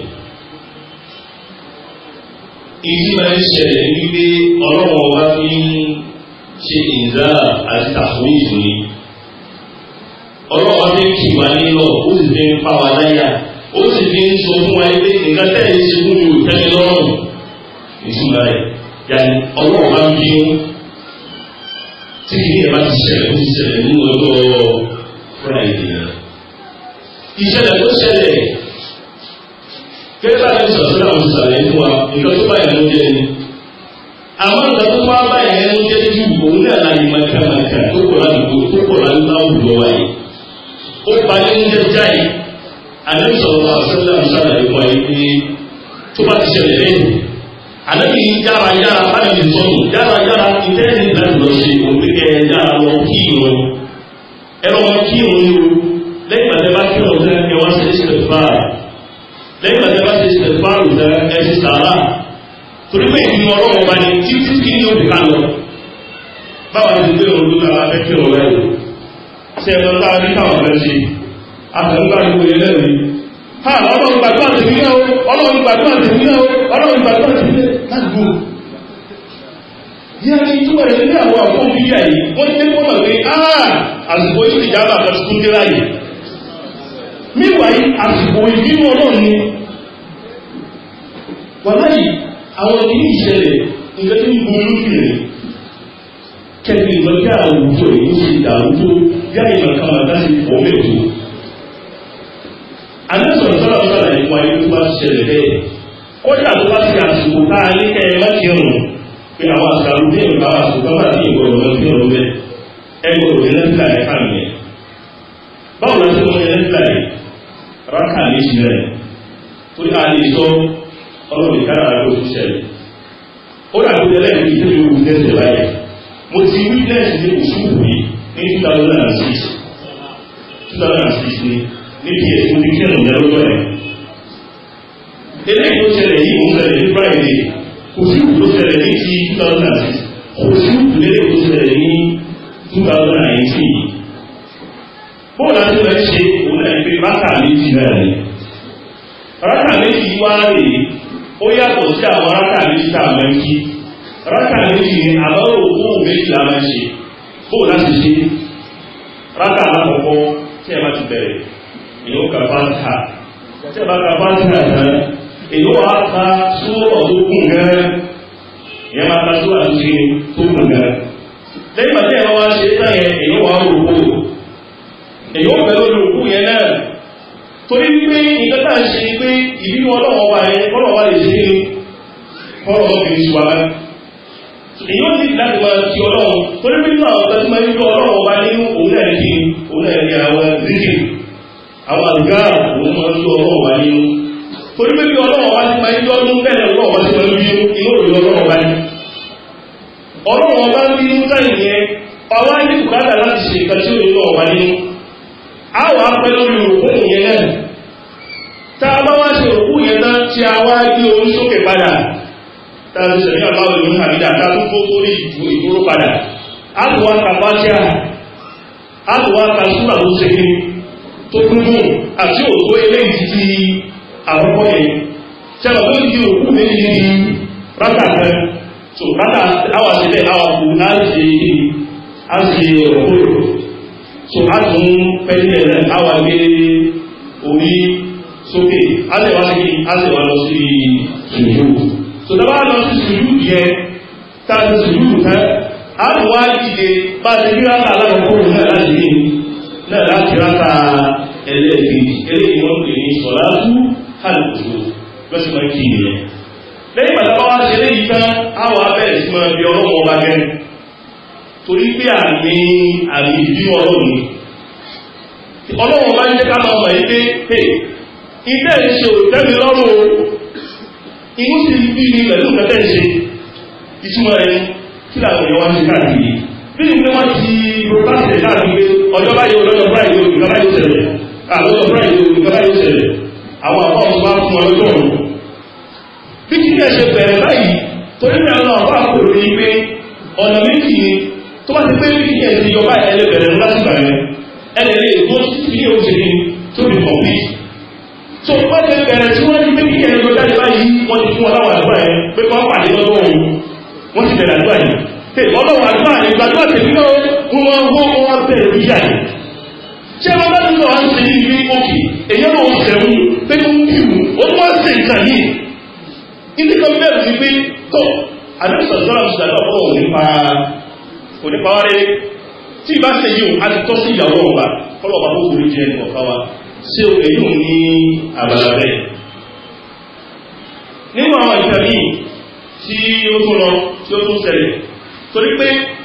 ìdí máa ń ṣẹlẹ̀ wípé ọlọ́wọ́ wa fi ń ṣe ìzá àti tàfún ìdùnnú ọlọ́wọ́ fi ń kì wá nílọ ó sì fi ń pa wá láyà ó sì fi ń sọ fún wa pé nǹkan tẹ́lẹ̀ ṣe fún mi ò tẹ́lẹ̀ lọ́rùn ìtumọ̀ rẹ̀ yàtọ̀ ọlọ́wọ́ wa ń bínú tí kìíní bá ti ṣẹlẹ̀ ó ti ṣẹlẹ̀ nínú ọjọ́ ọ̀rọ̀ fúnra ìdènà. ìṣẹ̀lẹ̀ tó ṣẹlẹ̀ kẹta ní sọ̀tún àwọn sàlẹ̀ fún wa nǹkan tó báyìí ló jẹ́ ni. àmọ́ nǹkan tó wá báyìí ló jẹ́ ju òun náà láyé màkàmàkà tó kọ̀ ládùúgbò tó kọ̀ ládùúgbò àwùjọ wa yìí. ó parí ń jẹ́ jáì àlẹ́ sọ̀rọ̀ àṣẹlẹ̀ àṣàlẹ̀ fún wa yìí pé tó bá ti ṣẹlẹ̀ lẹ́yìn àlẹ́bí yára yára báyìí sọ̀rọ̀ yára yára ìtẹ́ẹ̀lì lọ ẹ̀rọ wọn kí òun ni o lẹ́yìn àti bá kí òun náà ẹ̀wọ̀n ṣe ṣẹlẹ̀ fáà lẹ́yìn àti bá ṣe ṣẹlẹ̀ fáà òun náà ẹ̀ ṣe sàárà torí pé ìdí ọlọ́wọ́ bá ní títí kí ni ó fi ká lọ báwa ti gbé òun lóta abẹ́ kí òun láyò ṣe ẹ̀rọ tá a rí káwọn fẹ́ ṣe àtàlùkà ní oyè lẹ́rìí ha ọlọ́run gbàgbọ́ àtẹ̀mí náà ọlọ́run gbàgbọ́ àtẹ̀mí náà ọlọ́run gbàgbọ́ àtẹ̀mí náà ní ẹni tó ẹ̀rẹ́ ní àwọn àwọn òbíyà yìí wọ́n ti mọ́ mọ̀ pé ah, àsìkò yìí ti jábà kan tuntun dé láyè míwàá yìí àsìkò ìbínú ọlọ́run ni wàlá yìí àwọn ìdí ìṣẹ̀lẹ̀ nǹkan tó ń bu lókè rẹ̀ kẹ́kẹ́ ìgbọ́jà àwùjọ èyí ṣe ìdàrúdó yá ìmọ̀ kan àgbà ṣe pọ̀ mẹ́tò àdéhùn sọ̀rọ̀ ní kẹ́ ẹ má pé àwọn àṣàlù tí èmi bá wà sùn tọ́gbà tí ìgbọ̀rọ̀ lọ sí ọ̀rọ̀ bẹ́ẹ̀ ẹgbẹ́ òwe lẹ́sìlá yẹn kà mí yẹn. báwo la ṣe wọ́n yẹn lẹ́sìlá yẹn rẹ̀ torí a lè sọ ọlọ́run ìkára rẹ̀ ló ṣiṣẹ́ rẹ̀. ó dàbí ẹlẹ́yìn tí mi wù tẹ́sẹ̀ báyẹn mo ti witness ní òṣùwù yìí ní two thousand and six two thousand and six ní ps mo kò sí kò ṣẹlẹ̀ ní ti 2006 kò sí kò lélẹ̀ ní 2019 bóun náà ti rẹ̀ ṣe òun náà pé rákà méjì náà rẹ̀ rákà méjì wá rè ó yàtọ̀ sí àwọn rákà méjì tá a máa ń kí rákà méjì ni àbáwò òkú méjì la máa ń ṣe bóun náà ti ṣe rákà alákọ̀ọ́kọ́ tí ẹ bá ti bẹ̀rẹ̀ ìyókà bá ń ta tí ẹ bá ka bá ń ta ìtàn èyí wà á ka súwọ́ tó kún gẹ́rẹ́ yẹn máa ka súwọ́ tó kí tó kún gẹ́rẹ́ lẹ́yìn pàtẹ́ ẹ̀rọ wa ṣe tán yẹn èyí wà á rògbò èyí wà pẹ̀lú olùkú yẹn náà torí wípé nǹkan tá à ń ṣe ni pé ìbínú ọlọ́wọ́ wa yẹn kọ́lọ̀ wa lè ṣe é kọ́lọ̀ wa kì í ṣù wá èyí ó sì láti máa ti ọlọ́run torí pé nínú àwọn ọ̀gá tí máa ń yọ ọlọ́run ọba nínú òun náà ní òun náà ní àwọn ríkì àwọn àgbà òun máa ń yọ ọlọ́run wa nínú torí pé bí ọlọ́wọ́ bá ti pa ẹjọ́ ọdún bẹ́ẹ̀ ọlọ́wọ́ bá ti pẹ̀lú bí inú òròyìn ọlọ́wọ́ bá ní ọlọ́wọ́ bá ń bínú táyì yẹn ọwá ní bùkátà láti ṣe ìkan tí òròyìn ọlọ́wọ́ bá nínú a wà pẹ́ lórí òkú yẹn náà tá a bá wá ṣe òkú yẹn náà tí a wá gbé orí sókè padà tá a ti ṣẹ̀lẹ̀ àbáwò ní àbídà tá a tún kó sórí ìdúró padà a tó wá ka báṣíà a tó wá ka súnà tó ṣe kí tó kún fún àti òkú eléyìí àkọ́kọ́ yẹn sẹ́wọ̀n tó ti di òkú mi ní rákà kan so rákà àwọn àṣẹlẹ̀ àwọn kù á ṣe á ṣe òkú so á tún pẹ́ẹ́lẹ̀ rẹ̀ àwọn gbé orí sókè á lè wá sí á lè wá lọ sí ìṣòjú so tó bá lọ sí ìṣòjú yẹn tá a ti ìṣòjú kan á lè wá ìdíje bá a ti rí rákà alákòókò náà láti rí náà láti rákà ẹlẹ́ẹ̀kejì eléyìí wọ́n pè ní sọ̀lá tú kálukú lọ́sẹ̀ máa ń kí nìyẹn lẹ́yìn pàtàkì wá ṣe léyìí tán àwọn abẹ́rẹ́ sí máa bí ọlọ́mọ ọba gẹ́rẹ́ torí pé àmì àmì ìbí ọlọ́run ni ọlọ́run bá ń jẹ́ ká máa mọ̀ yí pé ilé ìṣe òtẹ́mi lọ́rùn o inú sì ń bí ní pẹ̀lú kẹtẹ́ ìṣe ìtumọ̀ rẹ̀ kí làwọn èèyàn wá ń ṣe káàkiri bí i pé wọ́n ti rọ́bàṣẹ̀ káàkiri pé ọjọ́ báyìí ọlọ́jọ́ báyìí òkú àwọn àbá ọ̀tún bá fún ọdún tó rùn bí kí ní ẹ̀ṣẹ̀ bẹ̀rẹ̀ báyìí torí ní àwọn àbá kò rí pé ọ̀nà méjì ni tó bá ti pé bí kí ẹ̀ṣẹ̀ yọba ẹ̀lẹ́ bẹ̀rẹ̀ láti bàrẹ̀ ẹ̀lẹ́ lè tó bí o ṣe ní tó lè mọ̀ bí tó bá ti bẹ̀rẹ̀ tí wọ́n ti pé kí ẹ̀ṣẹ̀ yọba ẹ̀lẹ́ báyìí wọ́n ti fún wọn láwọn àdúrà yẹn pé kọ́ pàdé lọ́dọ̀ òun wọ́n ti bẹ̀rẹ̀ àdúrà yẹn ṣé wọn bá nínú àwọn ṣe yìí ní òkè èyí ló ń sẹ̀wọ̀n pé ó ń kí wù ó wọ́n ṣe nǹkan yìí ilé kan bẹ́ẹ̀ ti pé tó àdéhùn sọ̀rọ̀ ṣùgbọ́n ọ̀pọ̀ nípa onípa wa rere tí ìbá ṣe yìí a ti tọ́ sí ìyàwó ọba kọ́lọ̀ ọba gbogbo jẹ́ ọ̀ká wa ṣé èyí ò ní àbàlà bẹ́ẹ̀ nínú àwọn ìtàmì tí ó tún lọ tí ó tún ṣẹlẹ̀ torí pé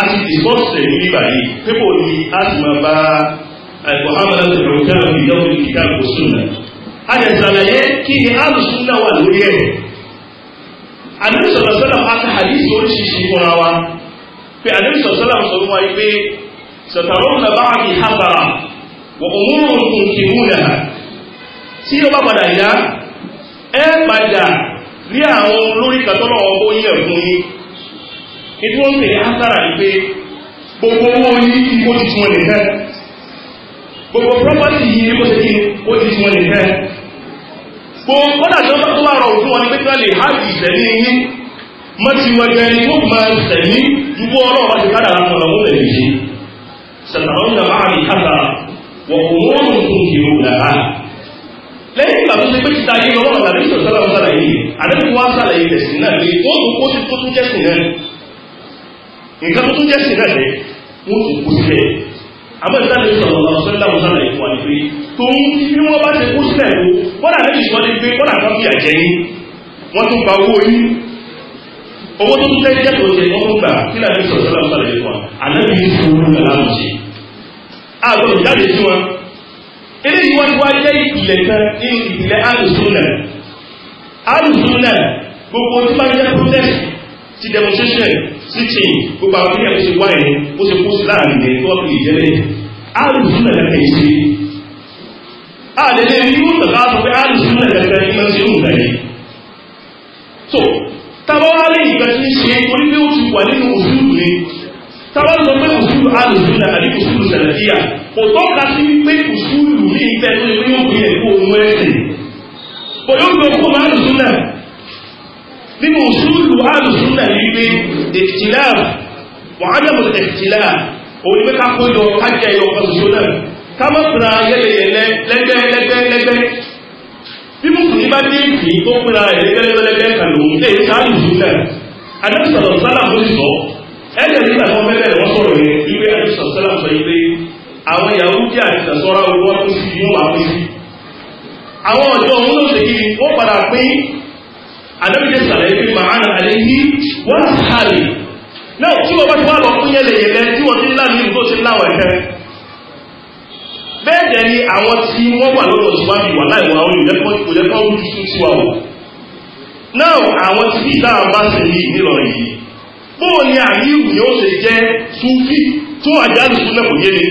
a ti disbọ́sẹ̀ ní bíbà yìí pípò ní a ti máa bá alùpàmọ́lá tó lọ kí àwọn ìdáwó ní kíkà kò súnà a lè sàlàyé kí ni alùsùn náà wà lórí ẹ̀ àdúrà sọ̀rọ̀ sọ́lá pàtó àdìsí oríṣiríṣi fúnra wa pé àdúrà sọ̀rọ̀ sọ́lá sọ̀rọ̀ wa yìí pé sọ̀tàrọ̀ ń bá àmì hábàrà wọ̀ òmùrù nkìmúnà tí ó bá padà yá ẹ padà rí àwọn olórí kàtọ́nà ọgbó ètò wọn pè á sára ní pé gbogbo owó yìí ni kò ti tún lè fẹ́ gbogbo property yìí ni kò ti kò ti tún lè fẹ́ gbogbo kọ́dà tó bá tó bá rọ̀ fún wọn ní pé kí wọ́n lè há ìṣẹ̀lẹ̀ yín mọ́tí wọn jẹ́ ní wọ́n máa tẹ̀lé ìwọ ọlọ́run bá ti kádà láwọn ọlọ́run lè ṣe ṣàtàwọn ìjọba àmì kàtà wọ̀n kò wọ́n mú un kì í wò dára lẹ́yìn ìgbà tó ti pé títa yé lọ́wọ́ ọ̀tàlẹ́sọ̀ sọ́lá ọ̀tàlẹ́ yìí àdébùwá sàlẹ̀ ilẹ̀ sí náà lè tó tó kó tó tó jẹ́ náà nǹkan tó tún jẹ́ sí náà lẹ wọ́n tún kú sílẹ̀ àmọ́ ìtàlẹ̀ sọ̀rọ̀ lọ sọ́lá wọn sálẹ̀ ìfún àti pé tó ń bí wọ́n bá ti kú sílẹ̀ ló wọ́n dà lẹ́yìn sọ́lé pé wọ́n dà kan fi àjẹ́ yín wọ́n tún gba owó yín owó tó tún tẹ́lẹ̀ tó jẹ wọ́n tún gbà kí làbí sọ̀rọ̀ sọ́lá wọn sálẹ̀ ìfún ànábì yìí fún un lọ́la lọ sí. jáde sí wọn eléyìí wọn wá jẹ́ ìpìlẹ̀ kan nínú ìpìlẹ̀ alùsùn náà alùsùn náà gbogbo tí máa jẹ́ protest ti demonstration sitting gbogbo àwọn ilé ẹ̀kọ́ ṣe wá ẹ̀yẹ ó ṣe kó sí láàrin ẹ̀ tó wọ́n fi ìjẹ́lẹ̀ alùsùnà lẹ́kẹ̀ ṣe àlẹ́lẹ́ yóò tàbá sọ pé alùsùnà lẹ́kẹ̀ iná sí òun lẹ́yìn so tàbáwá lè ìgbà tí ń ṣe orí pé ó ti wà nínú òṣùlù ni tàbá lọ pé òṣùlù alùsùnà àbí òṣùlù sàlàfíà kò tọ́ka sí pé òṣùlù ní ìfẹ́ tó ṣe pé yóò gbé ẹ̀kọ́ òun ẹ̀sìn nínú òṣùlù alùsùnà ní wípé ìtìláà wàhálàmù ìtìláà òní pé kápọ̀ yọ kájẹ yọ ọ̀ṣọ́ṣọ́ náà kámọ́pìnra yẹlẹyẹlẹ lẹ́gbẹ́lẹ́gbẹ́lẹ́gbẹ́ bí mùsùlùmí bá dé ìpín tó pìnra lẹ́gbẹ́lẹ́gbẹ́lẹ́gbẹ́ kàlù ní èyí alùsùnà adébùsọ̀rọ̀ sálà ó sì sọ ẹ̀jẹ̀ nígbà tó mẹ́lẹ̀ wọ́n sọ̀rọ̀ yẹn ìwé adébùsọ̀rọ̀ sálà sọ yìí pé àwọn Yahudi àti ìtàsọ́ra owó wọn tó sì yún wà pín sí àwọn ọjọ́ òun ló ṣe kiri ó padà pín àdébìjẹ́ sàlẹ̀ ìpín màánà àléhí wọ́n hàlì náà tí wọ́n bá ti wá lọ fún yẹlẹ̀ yẹlẹ̀ tí wọ́n ti ń láàmì ìlú tó ṣe láwọn ẹ̀fẹ́ bẹ́ẹ̀ dẹ̀ ni àwọn tí wọ́n wà lọ́dọ̀ tí wọ́n wà láìwọ̀ àwọn olùdẹ́kọ́ ojú tún sí wa wò náà àwọn tí ìdáhà bá sì ní ìnílọ yìí bóò ni àmìrù ni ó ṣe jẹ́ súfì tó àjálù súnlẹ̀ kò yé ni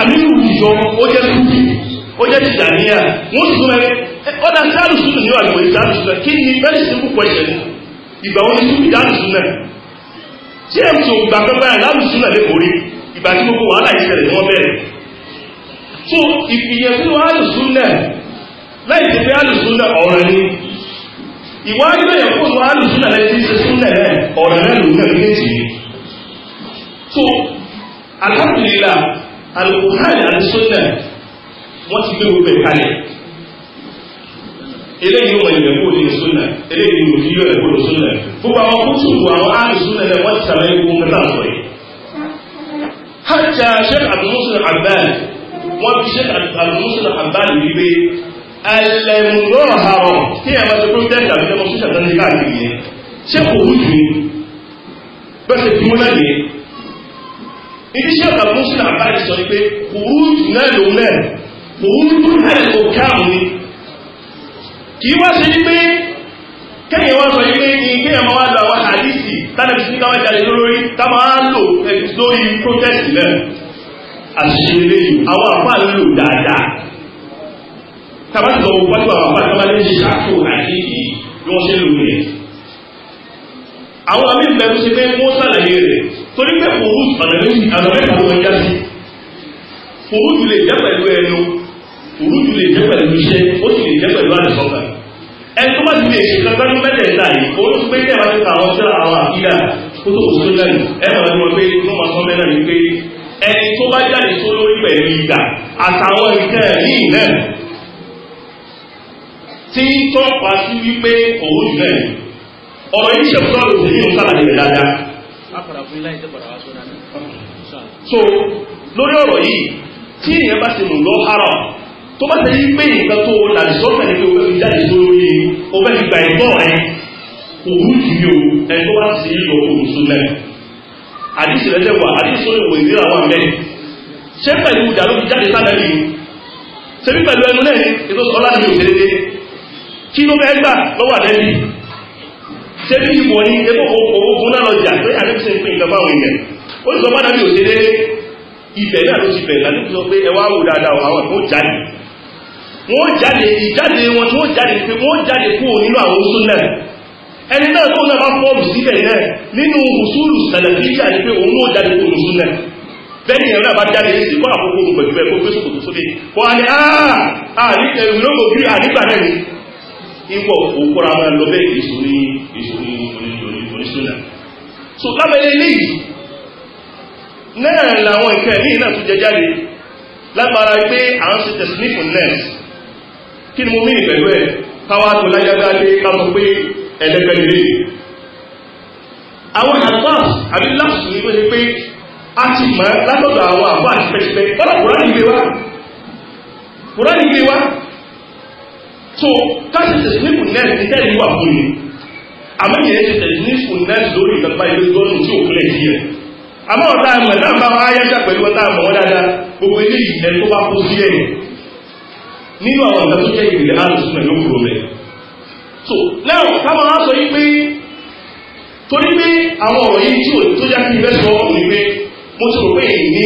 àmìrù ìjọ ó jẹ́ súfì ó jẹ́ tìjàníyà wọ́n sì tún mẹ́rin ọ̀dà tí alùsùn ní ọ̀gbọ̀n ìdálùsùn náà kí ni very simple question ìgbà wọn ni tún ìdálùsùn náà tí ẹ̀ tó gbà pẹ́ báyìí alùsùn náà lè borí ìgbà tí gbogbo wàhálà ìṣẹ̀lẹ̀ ni wọ́n bẹ̀rẹ̀ so ìfìyẹ̀fẹ́ alùsùn náà láì tẹ̀lé alùsùn náà ọ̀rọ̀ ni ìwà nílẹ̀ ẹ̀kọ́ lọ alùsùnà lẹ́tí ṣe súnlẹ̀ rẹ̀ ọ̀rẹ̀ rẹ̀ lò náà méjì so alhamdulillah alùkùnrin àti súnlẹ̀ wọ́n ti gbé gbogbo ìkalẹ̀ eléyìí wọn ìbẹ̀ kó lè súnà eléyìí wọn fi yọ ẹ̀kọ́ lè súnà gbogbo àwọn kútùkù àwọn áàlù súnà lẹ wọ́n ti sàlẹ̀ ikú wọn mẹ́ta sọ yìí. hajjá sheikh abdulmusul abdul wọn fi sheikh abdulmusul abdul yìí pé alẹ́mùlọ́ àrọ̀ kí ẹ̀ máa ṣe pé bẹ́ẹ̀ tàbí ẹ̀ máa ṣe ṣàtàn ní káàkiri yẹn ṣé kò wú jù ní bẹ́ẹ̀ ṣe fi mú náà yẹn. ibi sheikh abdulmusul abdul sọ pé kò wú jù náà lòun náà kò káàmù ni kì í wá ṣe ní pé kẹ́yìn wá sọ yí pé kí kéèyàn máa wá lọ àwọn àdìsí tánàbí sí káwọn jáde lórí ká máa lò lórí protest lẹ́nu àṣìṣe àwọn àpá lò dáadáa tàbátì lọ wọ́n tó àwọn àpá tó bá lè ṣe àpò àdìsí bí wọ́n ṣe lò rẹ̀ àwọn àmì ìbẹ̀rù ṣe pé wọ́n sàlàyé rẹ̀ torí pé fòrúùs ọ̀nàmẹ́sì àlọ́mẹ́ta wọn já sí fòrúùjù lè jẹ́ pẹ̀lú ẹnu fòrúùjù lè jẹ́ pẹ̀lú iṣẹ́ ó sì lè jẹ́ pẹ̀lú àdìsọ́kàn ẹni tó bá ti lè ṣe kankan ní mẹ́tẹ̀ẹ̀ta yìí òun ti pé ní ẹ̀ma ti ka àwọn síra àwọn àkídà kó tó kò tó jáde ẹ̀ma ti mọ̀ pé ló máa sọ mẹ́ta ni pé ẹni tó bá jáde tó lórí pẹ̀lú ìgbà àtàwọn nǹkan míì náà tí ń tọ́pa sí wípé òun jù náà ọ̀rọ̀ yìí ṣẹ̀fọ́ lòdì nínú sábàdì rẹ̀ dáadáa. so lórí ọ̀rọ̀ yìí tí ìyẹn bá ti mú lọ́ hárọ̀ tó bá tẹ̀lé pé nǹkan tó làbí sọ́ọ̀tẹ̀ ni pé o fi jáde sórí o fẹ́ fi gba ẹ̀gbọ́n rẹ òru jù mí o ẹ̀gbọ́n wá sí ìlọ òru sún mẹ́rin àdìsí rẹ tẹ̀wà àdìsí rẹ wò ìdíra wà mẹ́rin ṣé pẹ̀lú ìdàlú fi jáde sábẹ́ mi ṣé bí pẹ̀lú ẹnu lẹ́yìn ètò ọlá mi ò dédé kí ló fẹ́ gbà lọ́wọ́ àdẹ́bí ṣé bí ìwọ ni ètò ogun náà lọ́jà pé àdébísẹ̀ ń pè nǹkan fáwọn èèyàn ó sì sọ bá dàbí ò dédé ibẹ̀ náà ló ti bẹ̀rẹ̀ láti sọ pé ẹ wọ́n jáde ìjáde wọn tí wọ́n jáde pé wọ́n jáde kúrò nínú àwọn súnnà ẹni náà tó náà bá fọ́ọ̀lù sílẹ̀ náà nínú òṣùlù sàlẹ̀fíjà ni pé òun ó jáde kúrò súnnà bẹ́ẹ̀ni ẹ̀rọ àbá jáde sí kọ́ àkókò òun pẹ̀lú ẹ̀kọ́ pé sòkòtò sóde wọ́n á ní ààrí ẹ̀rù ló kò gírí àdígbà náà ni ìwọ̀ òkúra máa lọ bẹ́ẹ̀ ìṣòrí ìṣòrí oníṣúnà so lábẹ́lẹ́ eléyìí náà làwọn ìkẹ́ míì náà tún jẹ jáde lágbára pé à ń ṣe tẹ̀sínífù nẹ́ẹ̀sì kí ni mo mí pẹ̀lú ẹ̀ káwá tó láyágá lé káàmù pé ẹ̀lẹ́gbẹ̀lẹ́ àwọn àtàs àbí láàsù ní wọ́n ṣe pé a ti mọ̀ látọ̀dọ̀ àwọn àbọ̀ àti pẹ̀sìpẹ̀ kọ́lá kùránì gbé wá kùránì gbé wá tó káṣẹ̀ṣẹ̀ nípò náà ti tẹ́lẹ̀ wà fún mi àmọ́ yẹn ti tẹ̀lé nípò náà lórí ìgbàgbá ilé gọ́ọ̀nù tí ò kúlẹ̀ sí ẹ̀ àmọ́ ọ̀tá àmọ̀ náà bá wá yájá pẹ̀lú ọ̀tá àmọ̀ wọn dáadáa gbogbo ilé ìgbẹ́ tó bá kó sí ẹ̀yìn nínú àwọn ìgbà tó jẹ́ ìrìnlẹ̀ alùsùn náà yóò kúrò mẹ́ so now táwọn á sọ yí pé torí pé àwọn ọ̀rọ̀ yìí tó já kí ibẹ̀ sọ ní pé mo ti rò pé ìní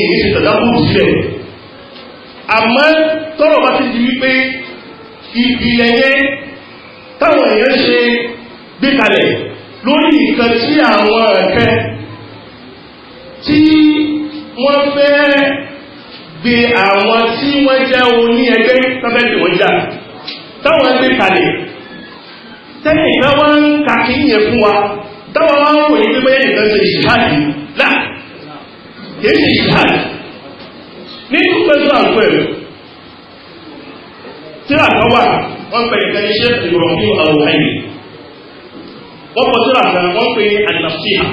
ìní ṣe tàdá kúrò sílẹ̀ àmọ́ tọ́rọ̀ bá ti di wípé ìpìlẹ̀ yẹn táwọn èèyàn ṣe gbé kalẹ̀ lórí nǹkan tí àwọn ẹ̀kẹ́ tí wọ́n fẹ́ẹ́ bí àwọn tí wọ́n jẹ́ oní ẹgbẹ́ tọ́fẹ́tì wọ́n jà táwọn ẹgbẹ́ kalẹ̀ tẹ́lẹ̀ ìgbà wọ́n ń ka kí yẹn fún wa táwọn wọ́n ń ròyìn pípẹ́ nìkan ṣe ìṣáàdì là kìí ṣe ìṣáàdì nínú pẹ̀lú àpò ẹ̀rọ tí àkọ́ wà wọ́n pẹ̀ nìkan iṣẹ́ ìrọ̀kú àwòrán yìí wọ́n pọ̀ tíra kan wọ́n pe àdìlàfíà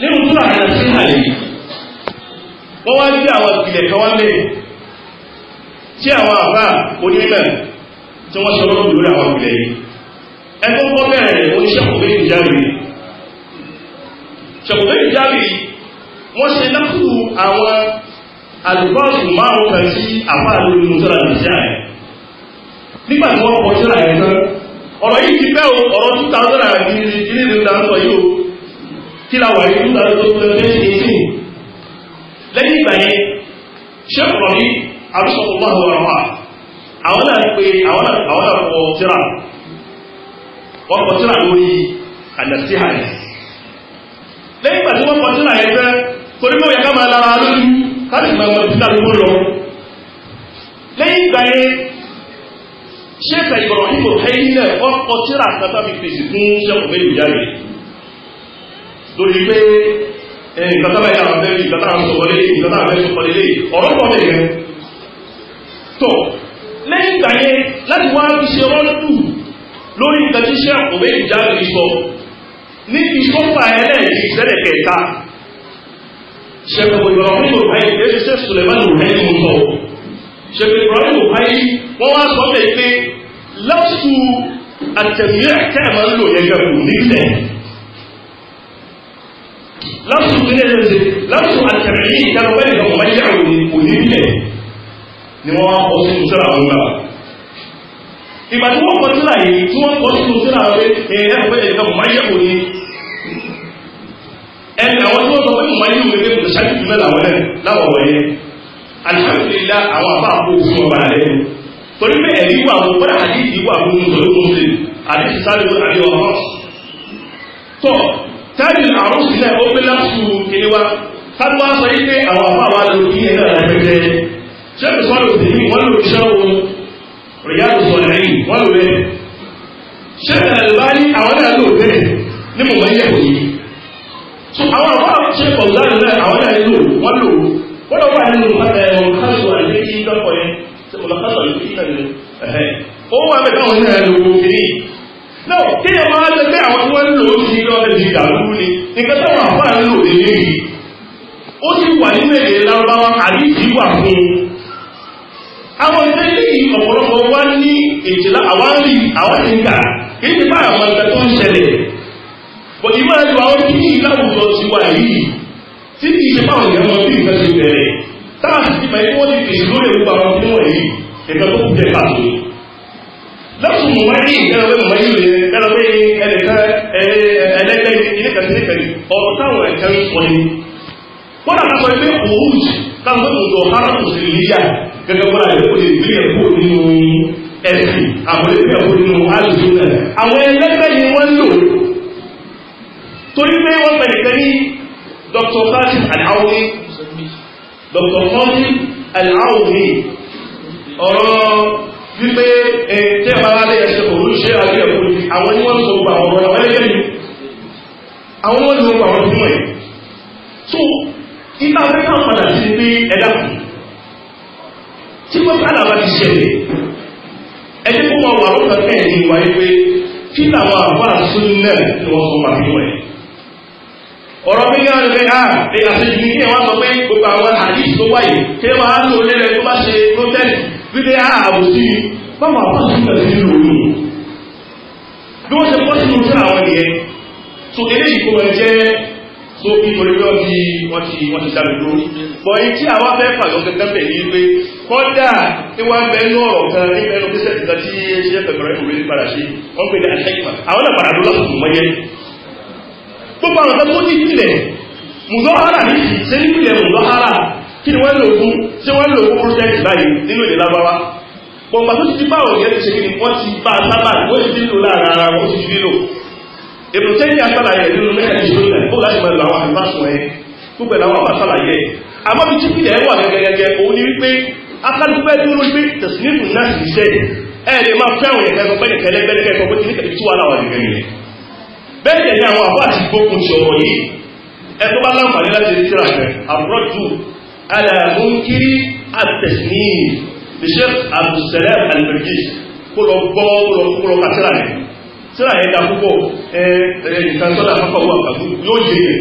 nínú tíra àdìlàfíà yìí wọ́n wá ní àwọn ìpìlẹ̀ kan wá lè tí àwọn àbá onímẹ̀ tí wọ́n sọ lọ́rọ̀ lórí àwọn ìpìlẹ̀ yìí ẹgbẹ́ kọ́ bẹ̀rẹ̀ oníṣẹ́kùnlé ìjáwé ṣẹ̀kùnlé ìjáwé wọ́n ṣe lẹ́kù àwọn alùbọ́ọ̀sù márùn kan sí àbá lórí mùsọ́lá nàìjíríà nígbà tí wọ́n kọ́ síra ẹ̀ náà ọ̀rọ̀ yìí ti pẹ́ ọ̀rọ̀ 2000 àti ìrìnlẹ̀ ìrìnlẹ̀ ìrìnlẹ̀ lẹ́yìn ìgbà yẹn ṣẹ́kù rọ̀bí àrùsọ̀tò bá wà wà àwọn náà pé àwọn náà kọ tíra wọ́n kọ tíra lórí àdàtí hà yẹn lẹ́yìn ìgbà tí wọ́n kọ tíra yẹn fẹ́ torí mọ́ yẹ ká máa lára lójú láti máa mọ tíra lóko lọ lẹ́yìn ìgbà yẹn ṣẹ́kù ìgbọ̀rọ̀ yìí kò hẹ́yìn náà wọ́n kọ tíra kátàmì fèsì fún ṣẹ́kù mẹ́lì jáde lórí pé ìgbàtàbà ìlànà bẹ́ẹ̀ ìgbàtàbà sọ̀kọ̀lé ìgbàtàbà bẹ́ẹ̀ sọ̀kọ̀lé lè ọ̀rọ̀ pọ̀ lè gẹn tó lẹ́yìn ìgbà yẹn láti wá fi ṣe rọ́dù lórí ìtàjíṣẹ́ òwe ìjáde ìsọ ní ìṣọ́fà ẹlẹ́ẹ̀kì ìṣẹ́lẹ̀ kẹta ṣẹ̀kọ̀ ìrọ̀rùn ìrọ̀rùn ìrọ̀rùn ìrọ̀rùn ìrọ̀rùn ìrọ̀rùn ìrọ̀rùn ìrọ̀rùn ìrọ̀rùn lọ́sùn sílẹ̀ ló ṣe lọ́sùn àtẹ̀rẹ̀ yìí ìdáná wẹ́lẹ̀ kan máa yà òní òní nílẹ̀ ni wọ́n kọ́ sínú sílẹ̀ àwọn bàbá ìgbà tí wọ́n kọ́ sílẹ̀ yìí tí wọ́n kọ́ sínú sílẹ̀ àwọn ẹ̀yẹ wẹ́lẹ̀ kan máa yà òní ẹni àwọn tí wọ́n sọ pé máa yà òní kò ṣáàjú jù mẹ́lá wọlé láwọ̀ wọ̀nyẹ alihamudulila àwọn afá àpò òfin ọba rẹ̀ torí pé ẹ̀rí wà wọ́n kọ́ra àdéhìí wà wọ́n mú káàdì àwọn òṣìṣẹ́ ó pé láṣù kiri wa káàdì wá sọ yìí pé àwọn àbá wa lò kí ẹ̀ náà pẹ̀lẹ́ ṣé kò sọ́ọ́ lò tèmi wọ́n lò iṣẹ́ òun rìyá lò sọ lẹ́yìn wọ́n lò bẹ́ẹ̀ ṣé àlùbá ní àwọn náà lò bẹ́ẹ̀ ní mò ń yẹ̀ wò yìí so àwọn àbá ṣe pọ̀ láàrin náà àwọn náà lò wọ́n lò wọ́n lọ wà nínú káṣù àlẹ́ kí dọ́kọ̀ yẹn ṣe mọ̀lá káṣù àlẹ́ kí no kí ni ọmọ alẹ́ pé àwọn tí wọ́n lò ó ti lọ́lẹ̀ di ìdàlúrú ni nǹkan tó wà fún àlọ́ lélẹ́ yìí ó ti wà nínú èdè lárúbáwá àbí ti wà fún un àwọn ìdílé yìí ọ̀pọ̀lọpọ̀ wá ní èjìlá àwọn rí àwọn ti ń kà kí ni bá àwọn ìgbà tó ń ṣẹlẹ̀ bọ̀ ìmọ̀ ẹ̀dùn àwọn tí ní ìlàwùjọ ti wà yìí tí ní ìṣe báwọn ìyá wọn bí nǹkan ṣe bẹ̀rẹ̀ táà sì ti mọ̀ ẹni wọ́n ti fèsì lórí ẹ̀rú àwọn tí wọ́n yìí ẹ̀ka tó kù jẹ́ pàtó lọ́pù mọ̀mọ́dé ẹ̀rọ̀wé mọ̀mọ́dé rẹ̀ ẹ̀rọ̀wé ẹ̀lẹ́kẹ́ ẹ̀lẹ́gbẹ́ ilé-kẹ̀sílẹ̀-kẹ̀lẹ̀ ọ̀rọ̀ táwọn ẹ̀kẹ́ ń sọ ní wọ́n dà sọ pé òun táwọn ọ̀dọ̀ harapù sí ìlíyà gẹ́gẹ́ bọ́lá ẹ̀kọ́ lè gbé ẹ̀kọ́ nínú ẹ̀sìn àwọn ẹgbẹ́ ẹ̀kọ́ nínú alùsùn náà àwọn ẹlẹ́gbẹ́ ni wọ́n lò torí pé wọ́n bẹ̀rẹ̀ pẹ̀lú Dr. Fatim Al-Auni Dr. Fatim Al-Auni ọ̀rọ̀ wípé ṣe àbí ẹ̀kọ́ ni àwọn ni wọ́n sọ gbà ọ̀rọ̀ àwọn ẹlẹ́yẹ ni àwọn wọ́n sọ gbà ọ̀rọ̀ so ìta afẹ́ká padà sí pé ẹ̀dá kù tí wọ́n sá làwọn ti ṣẹlẹ̀ ẹni kó máa wà lọ́kàn bẹ́ẹ̀ ni wáyé pé kí làwọn àbá àtúntò náà ni wọ́n sọ wà nínú ẹ̀ ọ̀rọ̀ mílíọ̀nù rẹ̀ á lè àṣejù ní kí wọ́n sọ pé gbogbo àwọn àdìs tó wáyé kí wọ́n á lò lẹ́rẹ̀ẹ́ tó bá ṣe bí wọ́n ṣe pọ́ sínú tí àwọn ènìyàn so eléyìí kó wọn jẹ́ so bí torí wọ́n bí wọ́n ti wọ́n ti dábì lórí bọ̀ èyí tí àwa fẹ́ fàyọ gẹ́gẹ́ bẹ̀ ní pé kọ́dà tí wọ́n bẹ ní ọ̀rọ̀ kan ní ẹnu pé sẹ́ẹ̀tì kan tí ṣe fẹ̀fẹ̀rẹ̀ ìwé ní padà ṣe wọ́n pè ní àṣẹ́kìmà àwọn náà padà ló lásìkò mọ́yẹ́ gbogbo àwọn kan tó ní ìpìlẹ̀ mùdọ́hárà ní ṣe nípìlẹ̀ mùdọ́hárà kí ni wọ́n lò fún ṣé wọ́n lò fún protect báyìí nínú ìdílábáwá gbọ̀ngbà tó ti di báwọn yẹn ti ṣe kí ni wọ́n ti bá a sábà wọ́n ti dín lò lára ara wọ́n ti dín lò èbùtẹ́ ní asálàyé nínú mẹ́rin ìṣòro náà bó láti máa lọ àwọn àfẹ́fàṣùn ẹ̀ gbogbo ẹ̀làwọ̀ àwọn asálàyé àmọ́ bí jíjí ẹ̀ wà gẹ́gẹ́gẹ́ òun ni wípé akálùpẹ́ tó ló gbé tẹ̀sílẹ̀mù náà sì ṣe ẹ̀ lè máa fẹ́ àwọn ẹ̀kẹ́ ẹgbẹ́ kẹlẹ́gbẹ́lẹ́kẹ́ ẹ̀kọ́ tí níkẹ̀ẹ́ tí wà láwà gẹ́gẹ́ yẹn bẹ́ẹ̀ dẹ̀ ni àwọn àbọ̀ àti gbókun ti ọ̀rọ̀ yìí ẹ tó bá láǹfààní láti rí síra rẹ̀ àbúrọ̀jù alàmúnkiri àtẹ̀sílẹ̀mù the sheikh abdulsalam alibarigis kó lọ gbọ́ kó lọ kàtíra rẹ̀ tíra yẹn da púpọ̀ ìtàntọ́lá pápá wà kàkú yóò yé rẹ̀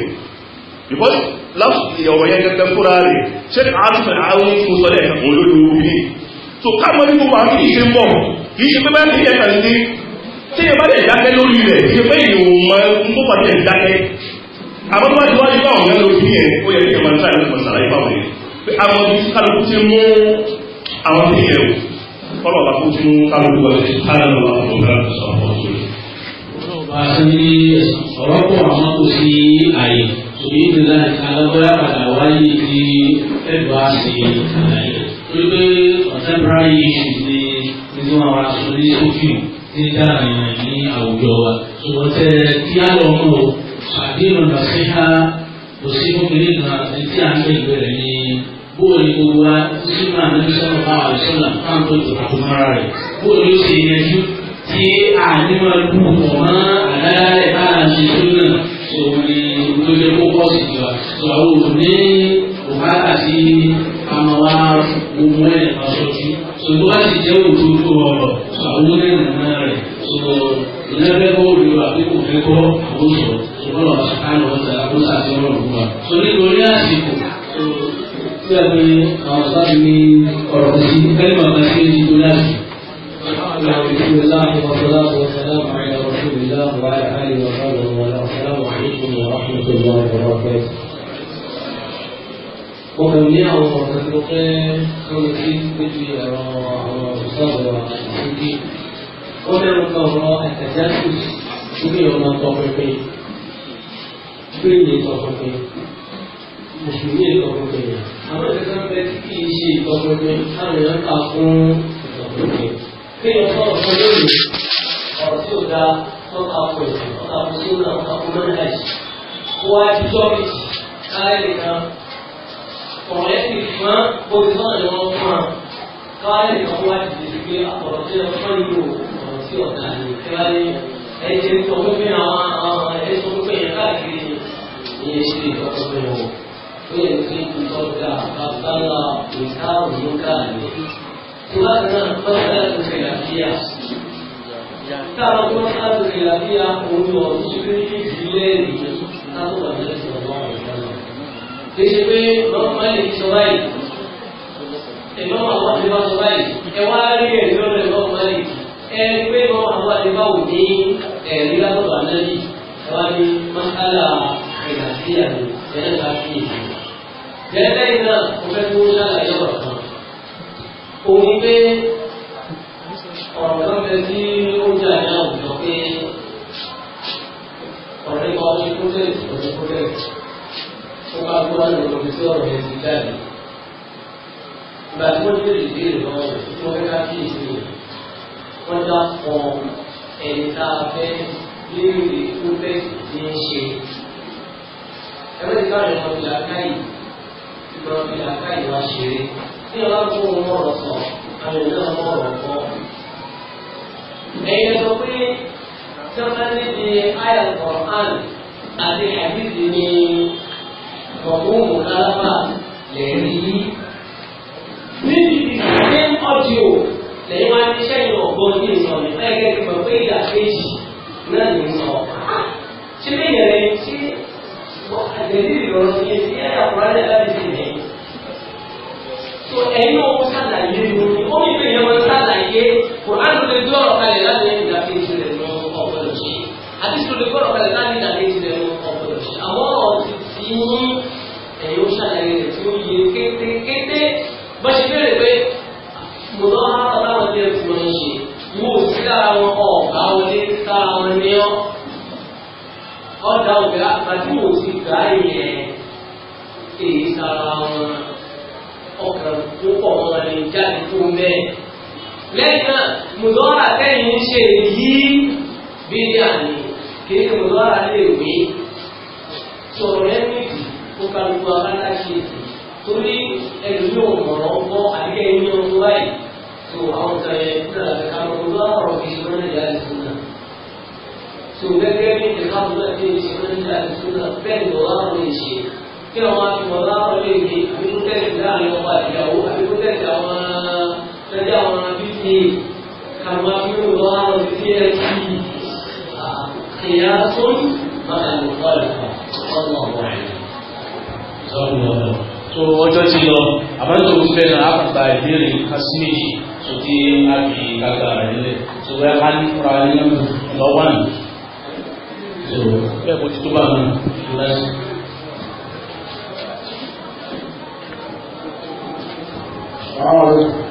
because láti ọ̀rọ̀ yẹn gẹ́gẹ́ fúra rẹ̀ sheikh abdul awi kò sọ lẹ́ẹ̀kan òun ló lówó ní so káàmọ́ ní gbogbo àwọn ìṣe ń bọ̀ kì í ṣe pé bá ti yẹ kàn sí tí yẹ bá lè dákẹ́ lórí rẹ̀ ṣe pé ìwò mọ́ ń kó pàdé dákẹ́ àbábá ti wáyé báwọn mẹ́rin òfin yẹn ó yẹ kí ẹ máa ń sáré lọ́pọ̀ sàlàyé báwọn yẹn pé àwọn ibi kálukú ti mú àwọn tí yẹ̀ kọ́lọ̀ bá kó tí ó kálùkù wọlé kálùkù wà fún ọ̀gá ìsọ̀ ọ̀pọ̀lọpọ̀. ọlọ́ọ̀bá sẹ́ni ọ̀rọ̀pọ̀ àwọn kò sí àyè òbí mi láì alágbára padà wáyé ti ẹ̀dùn àṣì àlàyé torí pé contemporary issues ni nítorí wọn wá sọ ní sókè ní dáhà ní àwùjọ wa ṣùgbọ́n tẹ kí á lọ mọ̀ àdéhùn lọ sí ha kò sí fún mi nígbà tí à ń gbẹ̀gbẹ̀ rẹ̀ ní bóòlù gbogbo wa súnmọ́ àmì sọ̀rọ̀ báwa sọ̀rọ̀ káńtó ìtòkòtò mọ́ra rẹ̀ bóòlù ó sì yanjú tí ànímọ̀ lù pọ̀ mọ́ àdáyàlẹ̀ bá a ṣe tó náà òun ni olóyè kó pọ̀ sí wa sọ̀rọ̀ òun ní bùkátà sí àmọ́ wa gbogbo ẹ̀ pàṣọjú sọ̀rọ̀ wá sì jẹ́ òtò ọ̀rọ̀ sọ̀rọ̀ ní nàná rẹ̀ sọ̀rọ̀ ìlẹ́fẹ́ bóòlù àbíkò fẹ́ kọ́ àwọn sọ̀rọ̀ sọ̀rọ̀ tí a ní àwọn sáàbì ní ọ̀rọ̀ sí kẹ́lìmọ̀ kan sí èyí tó láti Ọkàn ní àwọn ọ̀rọ̀ tó fẹ́ kọ́lù sí péjú ẹ̀rọ àwọn òṣìṣẹ́ àti ó lẹ́nu kan ọ̀rọ̀ ẹ̀kẹ́jáṣù lórí ọ̀nà tọpinpin. Bí èyí tọpinpin mùsùlùmí ìlọ́kùnrin àwọn ẹ̀ka bẹ tí kì í ṣe ìlọ́kùnrin táwọn èèyàn ta fún ìlọ́kùnrin. kéèyàn fọ́ ọ̀sán lónìí ọ̀rọ̀ tí ò da wọ́n fún ẹ̀sìn wọ́n fún sínú àwọn fún mẹ́rẹ̀ẹ́sì. wọ́n ti tọ́kìtì káyé kan ọ̀rẹ́ sì fún omi náà ni wọ́n fún wa káyé kan wá ti di pé ọ̀rọ̀ tí wọ́n fún ìlú ọ̀rọ̀ tí ọ̀dà ni kíláyé ẹ̀jẹ̀ ń fún mi àwọn ẹ̀jẹ̀ sọ fún mi káàkiri ìyẹn ṣe ìtọ́jú fún mi yẹn ti ti sọ́jà àbálà ìka òmùká ni. Ìwà náà lọ́sẹ̀ lórí ìlàbíyà. Táwọn tó ń sáré lórí ìlàbíyà òun lọ sí méjì lẹ́ẹ̀rí láti wà lẹ́sẹ̀ ọ̀wọ́ àwọn ìyá náà. Kì í ṣe pé lọ́mọ ẹ̀ sọ báyìí. Ìlọ́mọ àwọn àdébá sọ báyìí. Ẹ wá rí ẹ̀rí lọ́rẹ̀ lọ́mọ ẹ̀. Ẹ pé lọ́mọ àwọn àdébá ò ní ẹ̀rí látọ̀dọ̀ àná yìí. Ẹ wá ní mọ́sálà ìlàbíyà ni ẹ̀rẹ́ ta fi ìlú lẹ́lẹ́yìn náà mo fẹ́ kó ṣàlàyé ọ̀rọ̀ kan òun ni pé ọ̀rọ̀ kan bẹ tí ó jà ní àwùjọ pé ọ̀rọ̀ nípa ọdún project ọdún project ó bá gbọ́ àwọn òbí sí ọ̀rọ̀ yẹn ti jáde ìgbà tí wọ́n béèrè ìbéèrè lọ́wọ́ rẹ̀ tí wọ́n fẹ́ ká kí ìṣe wọ́n dá pọ̀ ẹni tá a fẹ́ léèrè project ti ń ṣe ẹgbẹ́ ti káàrin ọ̀gbìn àkáyìí lọ fi àkáyè wá ṣeré tí ọlá tó ń mọ̀rọ̀ sọ àwọn èèyàn náà mọ̀rọ̀ kọ́. ẹ̀yin sọ pé sọ́kà níbi àyà kọ̀ọ̀án àti àdìsí ni mọ̀kúmù kálábà lè rí yí. níbi ìdílé ọ̀dìò lẹ́yìn wá ní sẹ́yìn ọ̀gbọ́n ní ìsọ̀rọ̀ nípa ẹgbẹ́ ìgbà pé ìdá kejì náà ní sọ. ṣé lè yẹrẹ àgbẹ̀dì ìrọ̀rùn yẹn sí ẹ̀yà kúrẹ́lẹ̀ láti ṣe tó ẹ̀yin náà wọ́n ṣàlàyé mi ó ní pé ìyẹn wọ́n ṣàlàyé kò á lè gbé ọ̀rọ̀ kalẹ̀ láti ẹ̀yìn ìdàkẹ́ ìṣẹ̀lẹ̀ nù ọ̀gbọ̀dọ̀ ṣe àti ìṣòro gbé ọ̀rọ̀ kalẹ̀ láti ìdàkẹ́ ìṣẹ̀lẹ̀ nù ọ̀gbọ̀dọ̀ ṣe àwọn ọ̀rọ̀ ti ti yín ẹ̀yin ó ṣàlàyé rẹ̀ tí ó yẹ kétékété bá ṣe bẹ̀rẹ̀ pé mo lọ rárá láwọn ilé tí wọ́n ń ṣe wò sí lára wọn ọ̀gá wọlé sára wọn ní ọ́ ọ̀dà ọ̀gá àti wò sí gbáyé lẹ́yìn náà mùdọ́rà tẹ́yìn ń ṣe èyí bíríà ni kìí ṣe mùdọ́rà lè wí sọ̀rọ̀ yẹn nìdí kó kálukú abáńdá ṣe èdè torí ẹlòmí ò mọ̀rọ̀ ń bọ́ àdíkẹ́ ẹni ọdún báyìí tó àwọn kan yẹn kúrò àti kálukú mùdọ́rà ọ̀rọ̀ kìí ṣe mọ́nà ìyá ìṣú náà tó gẹ́gẹ́ bí ìka mùdọ́rà ti ń ṣe mọ́nà ìyá ìṣú náà bẹ́ẹ̀ kí àwọn mùdọ́rà lè ní àbíkú tẹ̀sí láàrin ọba ìyàwó àbíkú tẹ̀sí àwọn tẹ̀sí àwọn bí yake kama fi ruwa da fiyarci a kiyasun ma'alifalfa sallallahu alaihi so ọjọ́ ti lọ àbájọ tó fẹ́ náà àpàtà ìbéèrè kásímìjì tó ti á fi kàkà rẹ̀ nílẹ̀ tó bẹ́ẹ̀ ká ní fúra ní lọ́wọ́ nù so bẹ́ẹ̀ kò ti tó bá mi lẹ́sìn. Thank you.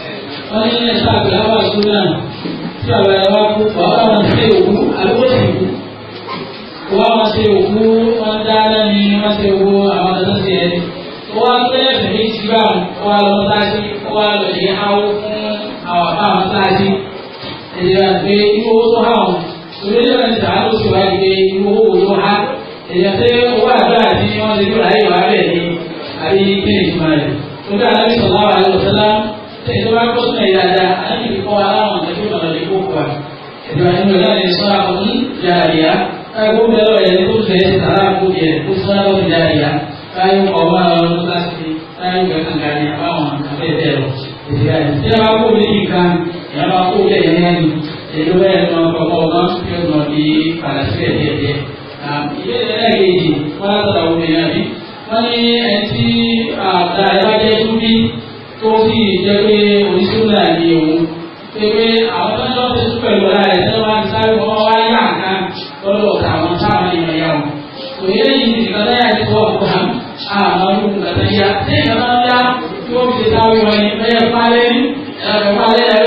wọ́n ní ẹ̀ sáà pé àwọn àṣù náà tí àwọn ẹ̀ wá kú wọ́n bá wọn ṣe òkú àdúgbò sì kú wọ́n wọn ṣe òkú wọn dá lẹ́ni wọ́n ṣe òkú àwọn ọ̀dọ́ sí ẹ̀ wọ́n pẹ́ ẹ̀mí ti bá wọn lọ sáájú wọ́n lọ yẹ áwọ̀ fún àwọn àbá wọn sáájú ẹ̀dẹ̀ wà pé inú owó tó há wọn òṣèlú náà ti sàánú sí wáyé pé inú owó tó há èèyàn tẹ owó àdúrà tí wọ́n ti dúró láyé wà bẹ́ẹ̀ ni àbí kí ni ìtumọ̀ rẹ̀. Nígbà tí a ti sọ̀rọ̀ àwọn tẹ̀sán bá kó sínú ẹ̀yà dáa á ní kọ́ aláwọ̀ tẹ̀sán ìmọ̀nà lè kó kọ́ ẹ̀dùn àti ìmọ̀nà lè sọ́ra fún yàrá káyọ̀ bẹ́ẹ̀ lọ́ọ̀ yẹn kó fẹ́ sàrà kó yẹ kó sọ́ra fún yàrá káyọ̀ ọ̀wá ọ̀rọ̀ lọ́sàkì káyọ̀ gbẹ̀kan gàdí àbáwọn àbẹ́ bẹ́ẹ̀ lọ. tí a bá kó lé nìkan ìyá bá kó lé ẹ̀yẹ́ ni èyí bẹ́ẹ̀ lọ kọ́kọ́ ọ̀gá fi ọ̀nà di kàlàsílẹ̀ díẹ̀díẹ̀. ìbéèrè ẹlẹ́gẹ̀ẹ́jì wọ́n á sọ̀rọ̀ òmìnira bí wọ́n ní ẹni tí àbúrò sì jẹ́ pé oníṣúná ni òun pé pé àwọn tó ń lọ sí pẹ̀lú ọ̀la rẹ̀ tẹ́lẹ̀ wá ti sáré kọ́ wá yá kan lọ́dọ̀ àwọn táwọn èèyàn yà wọ́n. òye lè yí nìkan náà ti kọ́ ọ̀pọ̀ àmì àmọ́ nìkan náà yá tí nìkan náà yá tí ó fi sáré wọn ni bẹ́ẹ̀ pálẹ́